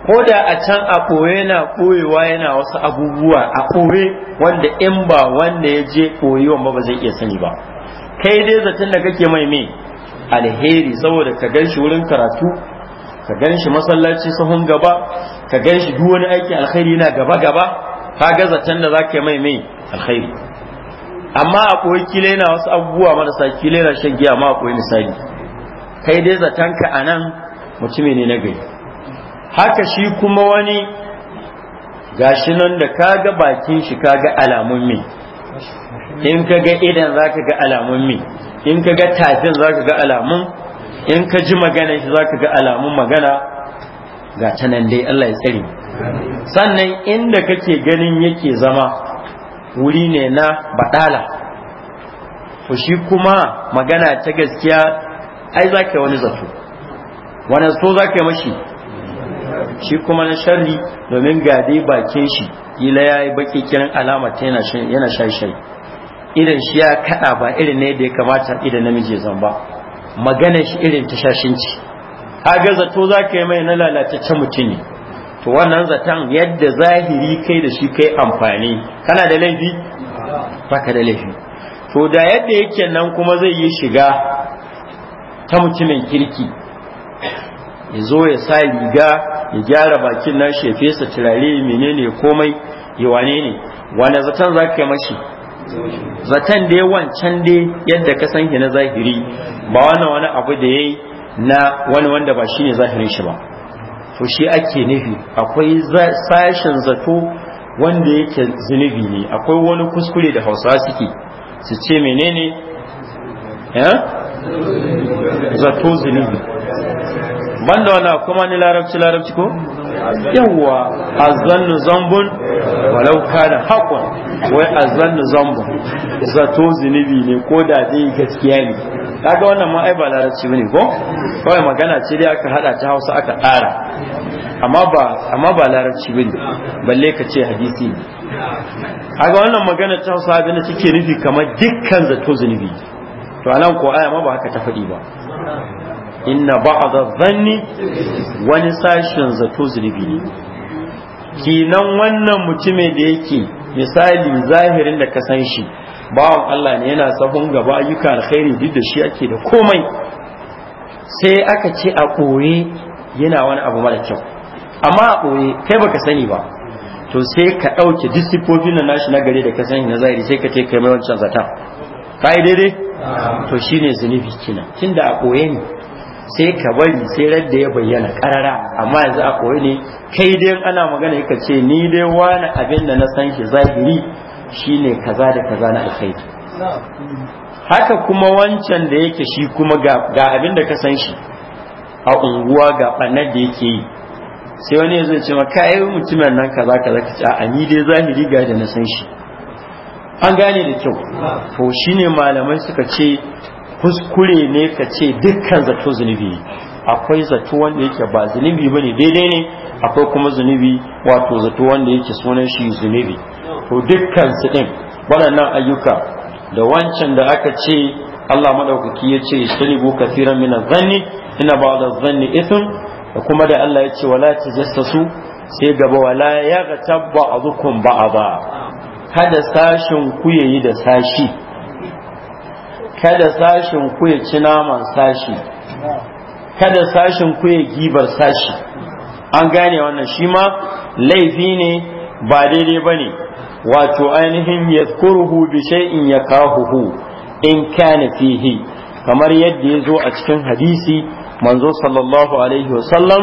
ko da a can a ɓoye na ɓoyewa yana wasu abubuwa a ɓoye wanda in ba wanda ya je ɓoyewan ba ba zai iya sani ba kai dai zaton da kake mai me alheri saboda ka gan shi wurin karatu ka gan shi masallaci sahun gaba ka gan shi duk wani aiki alkhairi yana gaba gaba ka ga zaton da zaka mai me alkhairi amma a ɓoye kila yana wasu abubuwa marasa kila yana shan giya ma a ɓoye misali kai dai zaton ka anan mutumi ne na gari haka shi kuma wani gashi nan da kaga bakin shi kaga alamun me in ka ga idan za ka ga alamun me in ka ga tafin za ka ga alamun in ka ji magana shi za ka ga alamun magana ga ta nan dai Allah ya tsare sannan inda kake ganin yake zama wuri ne na badala ku shi kuma magana ta gaskiya ai za ka wani zato wani so za ka mashi shi kuma na sharri domin gade bakin shi ila ya yi baki kiran alama ta yana shai-shai Idan shi ya kada ba irin ne da ya kamata idan namiji zan ba magana shi irin ta shashinci kaga zato za ka yi mai na lalataccen mutum ne to wannan zaton yadda zahiri kai da shi kai amfani kana da laifi baka da laifi to da yadda yake nan kuma zai yi shiga ta mutumin kirki ya zo ya sa riga ya gyara bakin shi ya fesa turare menene komai ya wane ne wane zaton za ka mashi zaton da ya wancan dai yadda ka san na zahiri ba wannan wani abu da ya yi na wani wanda ba shi ne zahirin shi ba to shi ake nufi akwai sashen zato wanda yake zunubi ne akwai wani kuskure da hausa suke su ce menene eh? zato zunubi banda wala kuma ni larabci larabci ko yawwa azannu zambun walau kana haqqan wai azannu zambun zato zunubi ne ko da dai gaskiya ne kaga wannan ma ai ba larabci bane ko kawai magana ce dai aka hada ta Hausa aka tsara amma ba amma ba larabci bane balle ka ce hadisi ne kaga wannan magana ta Hausa da take nufi kamar dukkan zato zunubi to anan ko aya ma ba haka ta faɗi ba inna ba'da zanni wani sashin zato zulubi ne kinan wannan mutumin da yake misali zahirin da ka san shi bawan Allah ne yana sahun gaba ayyuka alkhairi duk da shi ake da komai sai aka ce a ɓoye yana wani abu mara kyau amma a ɓoye kai baka sani ba to sai ka ɗauke disipofin na nashi na gare da ka sani na zahiri sai ka ce kai mai wancan zata ka yi daidai to shine zunubi kina tunda a ɓoye ne sai ka bari sai radda ya bayyana karara amma yanzu a koyi ne kai dai ana magana yaka ce ni dai wani abin da na san shi zahiri shine kaza da kaza na alkhairi haka kuma wancan da yake shi kuma ga abin da ka san shi a unguwa ga ɓannar da yake yi sai wani ya zai ce ma kai mutumin nan kaza kaza ka ce a ni dai zahiri ga da na san shi an gane da kyau to shine malamai suka ce kuskure ne ka ce dukkan zato zunubi akwai zato wanda yake ba zunubi bane daidai ne akwai kuma zunubi wato zato wanda yake sunan shi zunubi to dukkan su din waɗannan ayyuka da wancan da aka ce Allah madaukaki ya ce salibu kafiran min zanni ina ba da zanni ithun da kuma da Allah ya ce wala tajassasu sai gaba wala ya ga tabba azukum ba kada sashin ku yayi da sashi kada sashin ku ya ci naman sashi kada sashin ku ya gibar sashi an gane wannan shi ma laifi ne ba daidai ba ne wato ainihin ya kurhu bi shay'in ya kahuhu in kana fihi kamar yadda ya zo a cikin hadisi manzo sallallahu alaihi wasallam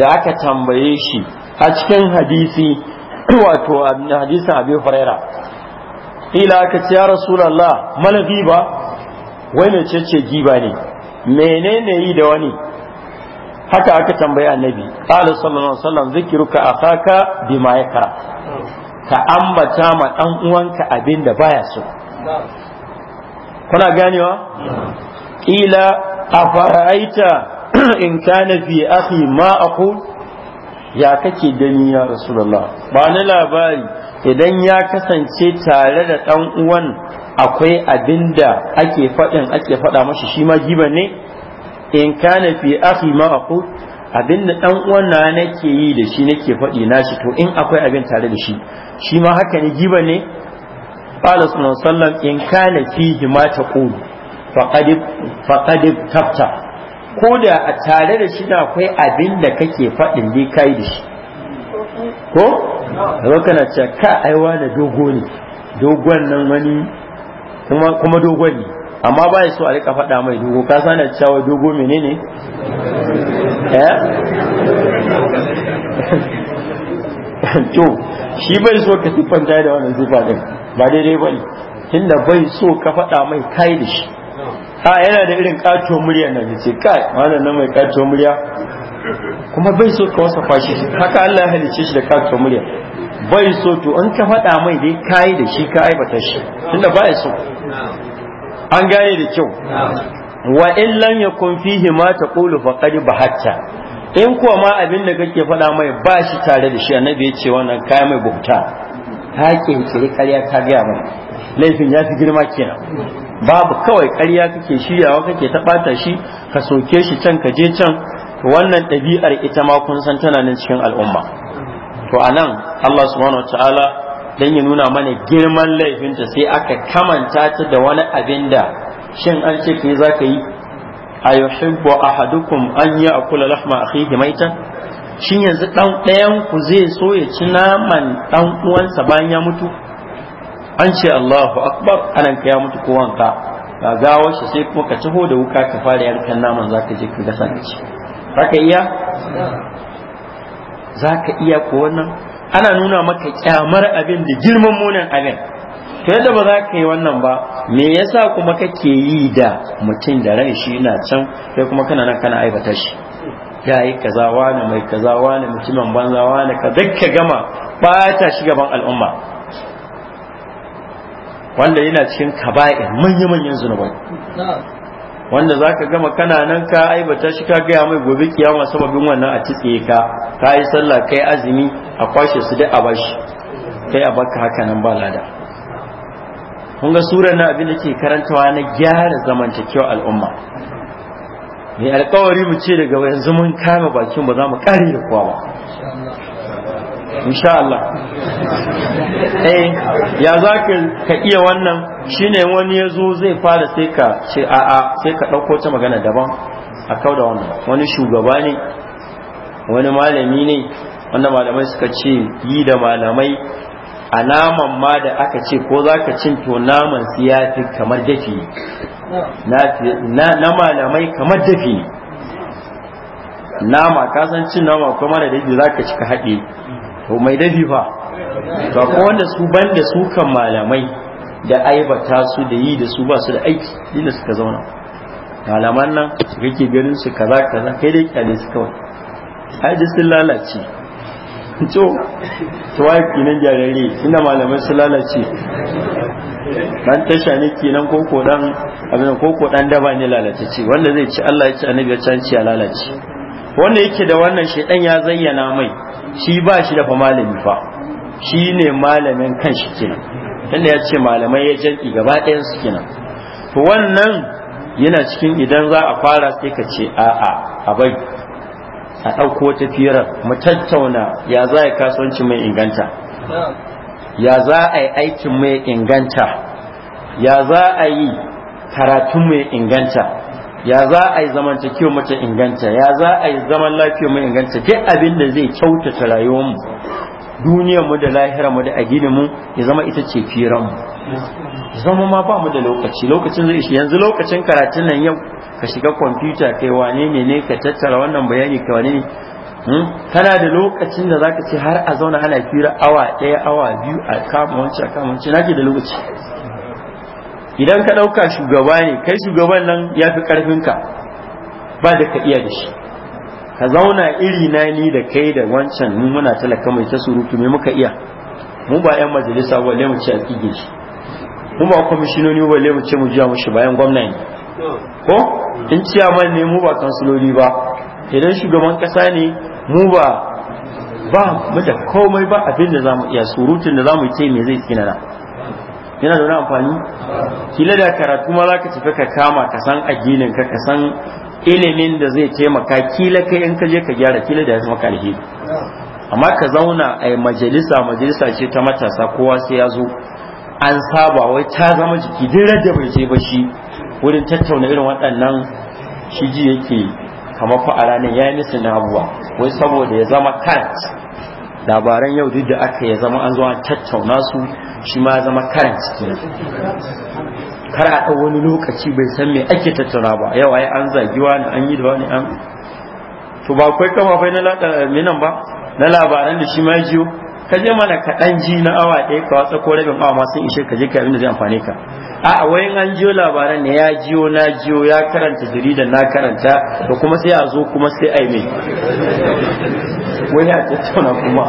da aka tambaye shi a cikin hadisi wato hadisin abi huraira ila aka ce ya rasulullah mal ba. Wani mece ce giba ne menene yi da wani haka aka tambayi annabi qala sallallahu alaihi wasallam zikruka akhaka bima yakra ka ambata ma dan uwanka abin da baya so kuna ganewa qila afara'aita in kana fi akhi ma aqul ya kake dani ya rasulullah ba ni labari idan ya kasance tare da ɗan uwan akwai abin da ake faɗin ake faɗa mashi shi ma giba ne in kana fi akhi ma aku abin da dan uwan na nake yi da shi nake faɗi shi to in akwai abin tare da shi shi ma haka ne giba ne qala sallallahu alaihi in kana fihi ma taqul faqad faqad tafta ko da a tare da shi da akwai abin da kake faɗin dai kai da shi ko zo kana cewa ka aiwa da dogo ne dogon nan wani kuma kuma dogon ne amma ba so a rika faɗa mai dogo ka sani cewa dogo menene eh to shi bai so ka siffanta da wannan sifa din ba daidai ba ne da bai so ka faɗa mai kai da shi a yana da irin kato murya na ce kai wannan nan mai kato murya kuma bai so ka wasa fashi haka Allah ya halice shi da kato murya bai so to in ka faɗa mai dai kayi da shi ka aibata shi tunda ya so an gane da kyau wa in lam yakun fihi ma taqulu faqad bahatta in kuwa ma abin da kake faɗa mai ba shi tare da shi annabi ya ce wannan kai mai bauta ka kinkiri ƙarya ta gaya mai laifin ya fi girma kenan babu kawai karya kake shiryawa kake ta ɓata shi ka soke shi can ka je can wannan ɗabi'ar ita ma kun san tana nan cikin al'umma to anan Allah subhanahu wataala dan ya nuna mana girman laifinta sai aka kamanta ta da wani abin da shin an ce ke za ka yi a yuhibbu ahadukum an ya'kula lahma akhihi maita shin yanzu dan ɗayan ku zai so ya ci naman ɗan uwansa bayan ya mutu an ce Allahu akbar anan ka ya mutu ko wanka ga gawar shi sai kuma ka taho da wuka ka fara yankan naman zaka je ka gasa ka ci iya za ka iya ko wannan ana nuna maka kyamar abin da girman munin abin to yadda ba za ka yi wannan ba me yasa kuma kake yi da mutum da ran shi na can kai kuma kana nan kana aibata shi ya yi kaza wani mai kaza wani mutumin banza wani ka ka gama bata shi gaban al'umma wanda yana cikin kaba'in manya-manyan zunubai wanda za ka gama kana nan ka aibata shi ka gaya mai gobe kiyama sababin wannan a titse ka ka yi sallah kai azumi a kwashe su dai a bashi kai a baka haka nan ba lada kun ga sura na abin da ke karantawa na gyara kyau al'umma mai alkawari mu ce daga yanzu mun kame bakin ba za mu kare da kowa ba insha Allah eh ya za ka iya wannan shine wani ya zo zai fara sai ka ce a'a sai ka ɗauko ta magana daban a kau da wannan wani shugaba ne wani malami ne wanda malamai suka ce yi da malamai a naman ma da aka ce ko za ka cin to naman su ya fi kamar dafi na malamai kamar dafi nama san cin nama kuma da dafi za ka cika haɗe to mai dafi fa ba ko wanda su ban da su kan malamai da aibata su da yi da su ba su da aiki inda suka zauna malaman nan su kake ganin su kaza kaza kai dai kyale su kawai ai da sun lalace to to wai kinan jarare ina malamai su lalace dan tasha ne kinan koko dan abin koko dan daba ne lalace wanda zai ci Allah ya ci annabi ya ci lalace wanda yake da wannan shedan ya zayyana mai shi ba shi da malami fa shi ne malamin kan shi kenan tunda ya ce malamai ya jarki gaba ɗayan su kenan to wannan yana cikin idan za a fara sai ka ce a'a a bai a ɗauko wata firar mu tattauna ya za a kasuwanci mai inganta ya za a yi aikin mai inganta ya za a yi karatu mai inganta ya za a yi cikin mace inganta ya za a yi zaman lafiyar mu inganta duk abin da zai kyautata rayuwar mu duniyar mu da lahirar mu da addinin mu ya zama ita ce firan mu zama ma ba mu da lokaci lokacin zai shi yanzu lokacin karatun nan yau ka shiga kwamfuta kai wane ne ne ka tattara wannan bayani ka wane ne hmm? kana da lokacin da zaka ce har a zauna ana fira awa ɗaya awa biyu a kama wancan kama wancan da lokaci idan ka ɗauka shugaba ne kai shugaban nan ya fi ƙarfinka ba da ka iya da shi ka zauna iri na ni da kai da wancan mu muna talaka mai ta surutu me muka iya mu ba 'yan majalisa balle mu ce a shi mu ba kwamishinoni balle mu ce mu jiya mushi bayan gwamna ne ko in man ne mu ba kansiloli ba idan shugaban ƙasa ne mu ba ba mu da komai ba abin da za mu iya surutun da za mu yi ce me zai tsina na? yana da wani amfani kila da karatu ma zaka tafi ka kama ka san addinin ka ka san ilimin da zai taimaka kila kai in ka je ka gyara kila da ya zama alheri amma ka zauna a majalisa majalisa ce ta matasa kowa sai ya zo an saba wai ta zama jiki duk da bai je ba shi wurin tattauna irin waɗannan shi ji yake kamar fa a ranar ya yi na abubuwa wai saboda ya zama kant labaran yau duk da aka ya zama an zo an tattauna su shi ma zama karan cikin kar a ɗau wani lokaci bai san me ake tattauna ba yau ai an zagi wani an yi da wani an to ba akwai kamafai na eh, minan ba na labaran da shi ma jiyo ka je mana kaɗan ji na awa ɗaya ka watsa ko rabin awa masu ishe ka je ka abin da zai amfane ka a wayan an jiyo labaran ne ya jiyo na jiyo ya karanta jaridan na karanta to kuma sai a zo kuma sai ai mai wani a tattauna kuma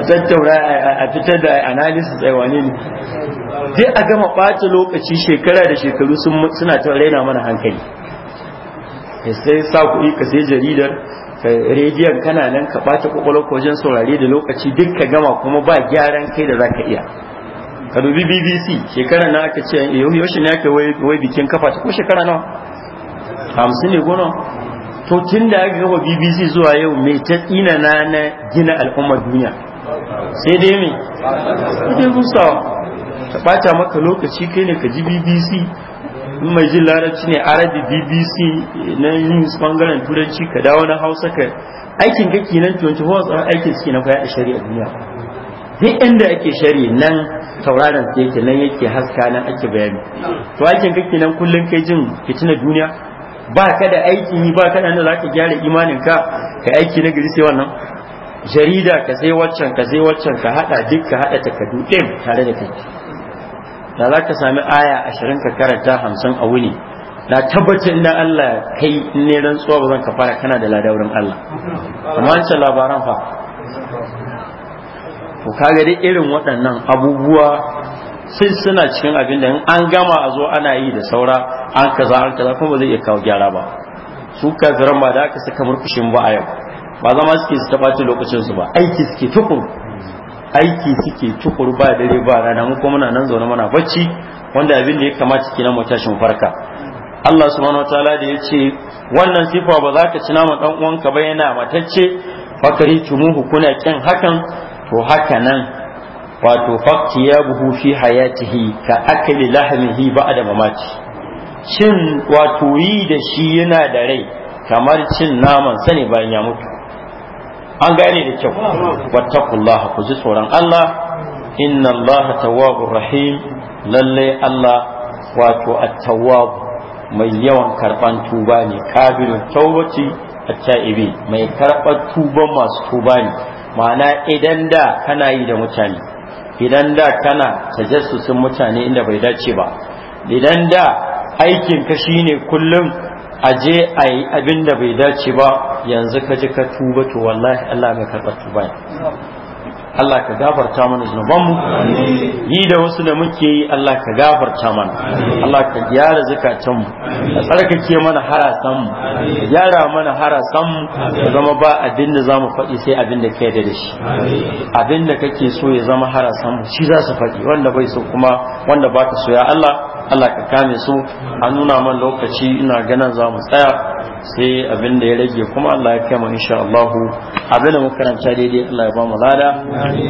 a tattauna a fitar da analysis ai wane ne dai a gama ɓata lokaci shekara da shekaru suna ta raina mana hankali sai sa kuɗi ka sai jaridar ka rediyon kana nan ka bata kwakwalwar wajen saurari da lokaci duk ka gama kuma ba gyaran kai da za ka iya ka dubi bbc shekara na aka ce yaushe ne aka wai bikin kafa ko shekara nawa hamsin ne gona to tun da aka gaba bbc zuwa yau mai ta tsina na na gina al'ummar duniya sai dai me sai ta bata maka lokaci kai ne ka ji bbc in mai jin larabci ne arabi bbc na yin bangaren turanci ka dawo na hausa ka aikin ka kenan hawa tsawon aikin suke na fayaɗa shari'a duniya duk inda ake shari nan tauraron su yake nan yake haska nan ake bayani to aikin kenan kullum kai jin fitina duniya ba ka da aikin yi ba ka da za ka gyara imanin ka ka aiki na gari sai wannan jarida ka sai waccan ka sai waccan ka hada duk ka hada takardu ɗin tare da kai da za ka sami aya ashirin ka karanta hamsin a wuni na tabbacin na Allah kai ne rantsuwa ba zan ka fara kana da ladaurin Allah amma wancan labaran fa to kaga dai irin waɗannan abubuwa sai suna cikin abin da an gama a zo ana yi da saura an kaza an kaza kuma ba zai iya kawo gyara ba su kafiran ba da aka saka murkushin ba a yau ba zama suke su taɓa lokacin su ba aiki suke tukuru aiki suke tukuru ba dare ba rana mu kuma muna nan zaune muna bacci wanda abin da ya kamata kina mu tashin farka Allah subhanahu wataala da ya ce wannan sifa ba za ka ci naman dan uwanka ba yana matacce fakari tumuhu kuna kin hakan to haka nan wato fakti ya buhu fi hayatihi ka akali lahmihi ba'da mamati shin wato yi da shi yana da rai kamar cin naman sani bayan ya mutu an gane da kyau wattaqullah ku ji tsoron Allah inna Allah tawwabur rahim lalle Allah wato at-tawwab mai yawan karban tuba ne kabirin tawbati at-ta'ibi mai karban tuba masu tuba ne ma'ana idan da kana yi da mutane idan da kana tajassusin mutane inda bai dace ba idan da aikin ka shine kullum a je a yi abin da bai dace ba yanzu ka ji ka tuba to wallahi Allah mai karɓar tuba Allah ka gafarta mana zunubanmu yi da wasu da muke yi Allah ka gafarta mana Allah ka gyara zukatanmu ka tsarkake mana harasanmu ka gyara mana harasanmu ka zama ba abin da zamu faɗi sai abin da kai da shi abin da kake so ya zama harasanmu shi za su faɗi wanda bai so kuma wanda baka so ya Allah Allah ka kame su an nuna man lokaci ina ganin za mu tsaya sai abin da ya rage kuma Allah ya kai mu insha Allah abin da muka karanta daidai Allah ya ba mu lada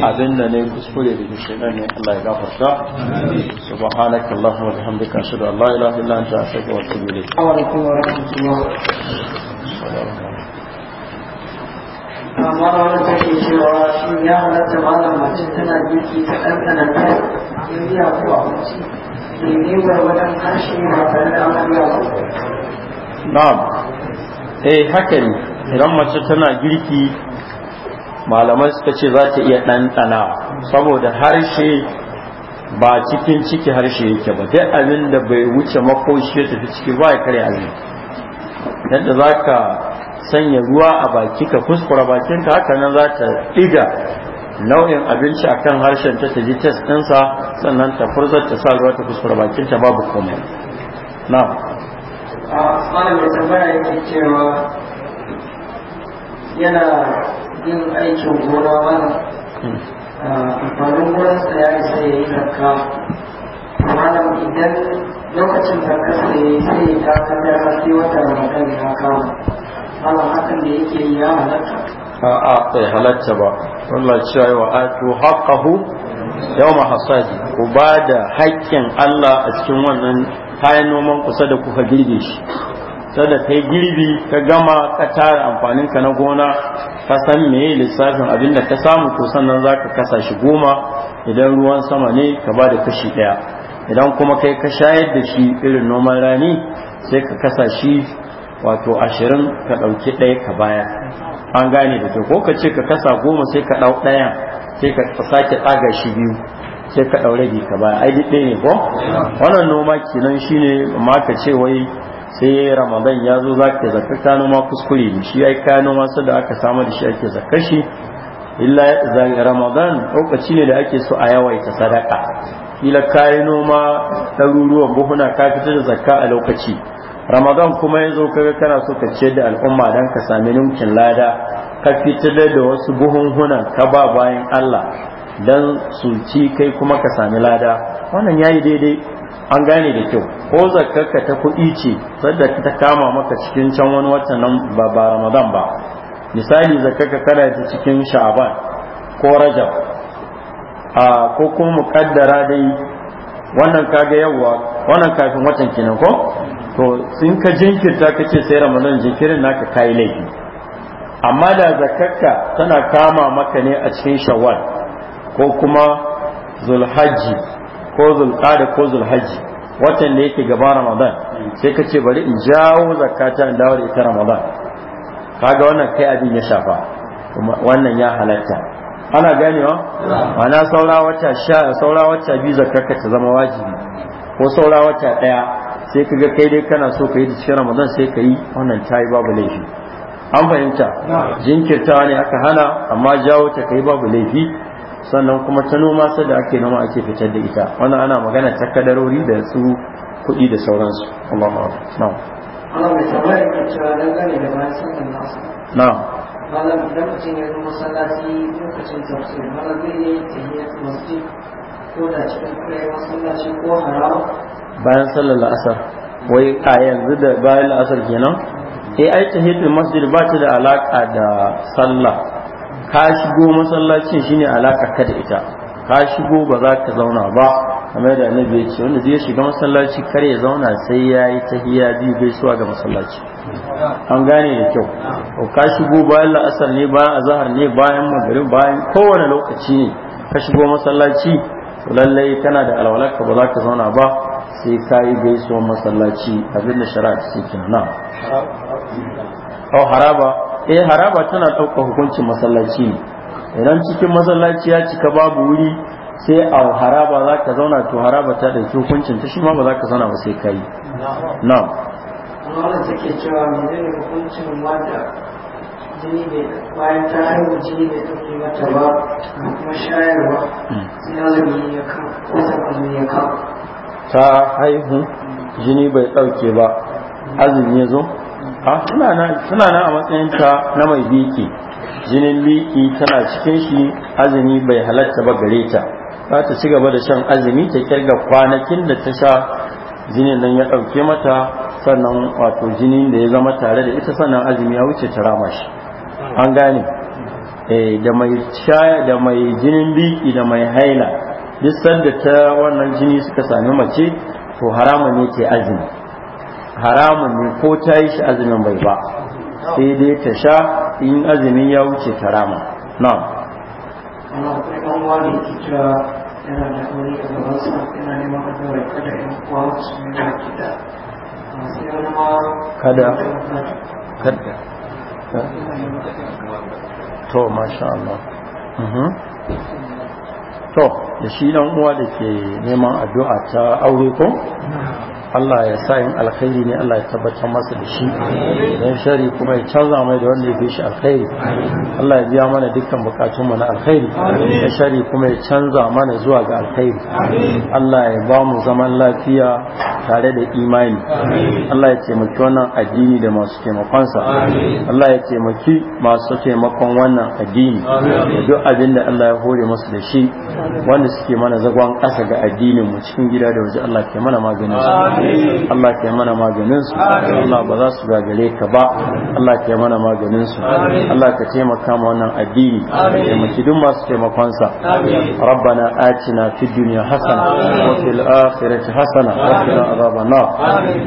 abin da ne kuskure da shaidan ne Allah ya gafarta subhanaka allahumma wa bihamdika ashhadu an la ilaha illa anta astaghfiruka wa atubu ilayk wa alaikum wa rahmatullahi amma wani shi ya halatta malam mace tana girki ta ɗanɗana ta yanzu ya kuwa abinci na'am eh haka ne idan mace tana girki Malamai suka ce za ta iya ɗanɗana saboda harshe ba cikin ciki harshe yake ba duk abin da bai wuce makoshi ya tafi ciki ba ya karya abin yadda za ka sanya ruwa a baki ka kuskura bakinka haka nan za ta ɗiga nau'in abinci akan harshen ta ta ji test ɗinsa sannan ta furzar ta sa ruwa ta kuskura bakin ta babu komai na malam ya tambaya yake cewa yana yin aikin gona mana hmm. amfanin gonarsa ya isa ya yi zarka malam idan lokacin da ya yi sai ya dakatar har sai wata kan ya kawo, malam hakan da yake yi ya halatta a'a bai halatta ba Allah cewa wa atu haqqahu yawma hasadi ku ba da haƙƙin Allah a cikin wannan kayan noman kusa da kuka girbe shi sada kai girbi ka gama ka tara amfanin ka na gona ka san meye lissafin abin da ka samu to sannan zaka kasa shi goma idan ruwan sama ne ka ba da kashi ɗaya idan kuma kai ka shayar da shi irin noman rani sai ka kasa shi wato ashirin ka ɗauki ɗaya ka baya an gane da ke ko ka ce ka kasa goma sai ka ɗau ɗaya sai ka sake ɗaga shi biyu sai ka ɗau rabi ka baya ai ɗaya ne ko wannan noma kenan shine ma ka ce wai sai ramadan ya zo za ka zaka ka noma kuskure ne shi ai ka noma da aka samu da shi ake zakar shi illa ramadan lokaci ne da ake so a yawaita sadaka kila kayi noma ɗaruruwan buhuna ka fitar da zakka a lokaci ramadan kuma ya zo kaga kana so ka ciyar da al'umma don ka sami ninkin lada ka fitar da wasu buhunhunan ka ba bayan allah don su ci kai kuma ka sami lada wannan ya yi daidai an gane da kyau ko zakarka ta kuɗi ce sadda ta kama maka cikin can wani watan nan ba ba ramadan ba misali zakarka kana ta cikin sha'aban ko rajab a ko kuma muƙaddara dai wannan kaga yawwa wannan kafin watan kenan ko to sun ka jinkirta ka ce sai ramadan jinkirin naka kayi laifi amma da zakarka tana kama maka ne a cikin shawwal ko kuma Zulhaji ko zulqada ko zulhajji watan da yake gaba ramadan sai ka ce bari in jawo zakata in dawo ita ramadan kaga wannan kai abin ya shafa wannan ya halatta ana ganewa mana saura wata sha saura wata biyu zakarka ta zama wajibi ko saura wata daya sai ka ga kai dai kana so ka yi da cikin ramadan sai ka yi wannan ta yi babu laifi an fahimta jinkirtawa ne aka hana amma jawo ta kai babu laifi sannan kuma ta noma sai da ake noma ake fitar da ita wannan ana magana ta kadarori da su kuɗi da sauransu Allahu akbar na'am Allah mai tambaya ka cewa dangane da bayan sallar nasu na'am malam idan mutum ya zo masallaci lokacin tafsir malam ta yi tahiyatul masjid bayan sallar la'asar wai a yanzu da bayan la'asar kenan eh ai tahiyatul masjid ba ta da alaka da sallah ka shigo masallacin shine alaka ka da ita ka shigo ba za ka zauna ba kamar da annabi ya ce wanda zai shiga masallaci kar ya zauna sai ya yi ta bi biyu gaisuwa ga masallaci an gane da kyau to ka shigo bayan la'asar ne bayan azahar ne bayan magrib bayan kowane lokaci ne ka shigo masallaci lallai kana da alwalarka ba za ka zauna ba sai ka yi gaisuwar masallaci abinda shari'a ce kina nan haraba eh haraba tana ɗaukar hukuncin masallaci ne idan cikin masallaci ya cika babu wuri sai a haraba za ka zauna to haraba ta da hukuncin ta shi ma ba za ka zauna ba sai ka yi na'am bayan ta haihu jini bai ɗauke ba azumi ya ta zo a suna nan a matsayinta na mai biki jinin biki tana cikin shi azumi bai halatta ba gare ta za ta ci gaba da shan azumi ta kirga kwanakin da ta sha jinin nan ya ɗauke mata sannan wato jini da ya zama tare da ita sannan azumi ya wuce ta rama shi an gane eh, da mai shaya da mai jinin biki da mai haila duk sanda ta wannan jini suka sami mace to haramun ne ke azumi haramun ne ko ta yi shi azumin bai ba sai dai ta sha in azumin ya wuce ta rama na yana da yana yan uwa kada kada to masha Allah mhm. to da shi nan uwa da ke neman addu'a ta aure ko Allah ya sa yin alkhairi ne Allah ya tabbatar masa da shi don shari kuma ya canza mai da wanda ya fi shi alkhairi Allah ya biya mana dukkan bukatun mu na alkhairi ya shari kuma ya canza mana zuwa ga alkhairi Allah ya ba mu zaman lafiya tare da imani Allah ya taimaki wannan addini da masu taimakonsa Allah ya taimaki masu taimakon wannan addini duk abin da Allah ya hore masu da shi wanda suke mana zagon ƙasa ga addinin mu cikin gida da waje Allah ke mana maganin su Allah ke mana maganin su Allah ba za su gagare ka ba Allah ke mana maganin su Allah ka taimaka ma wannan addini taimaki duk masu taimakon sa rabbana atina fid dunya hasana wa fil akhirati hasana wa qina adhaban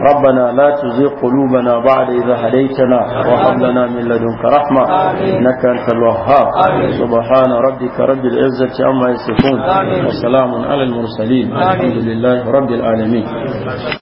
rabbana la tuzigh qulubana ba'da idh hadaytana wa hab lana min ladunka rahma innaka antal wahhab subhana rabbika rabbil izzati amma yasifun wa salamun ala mursalin الحمد لله رب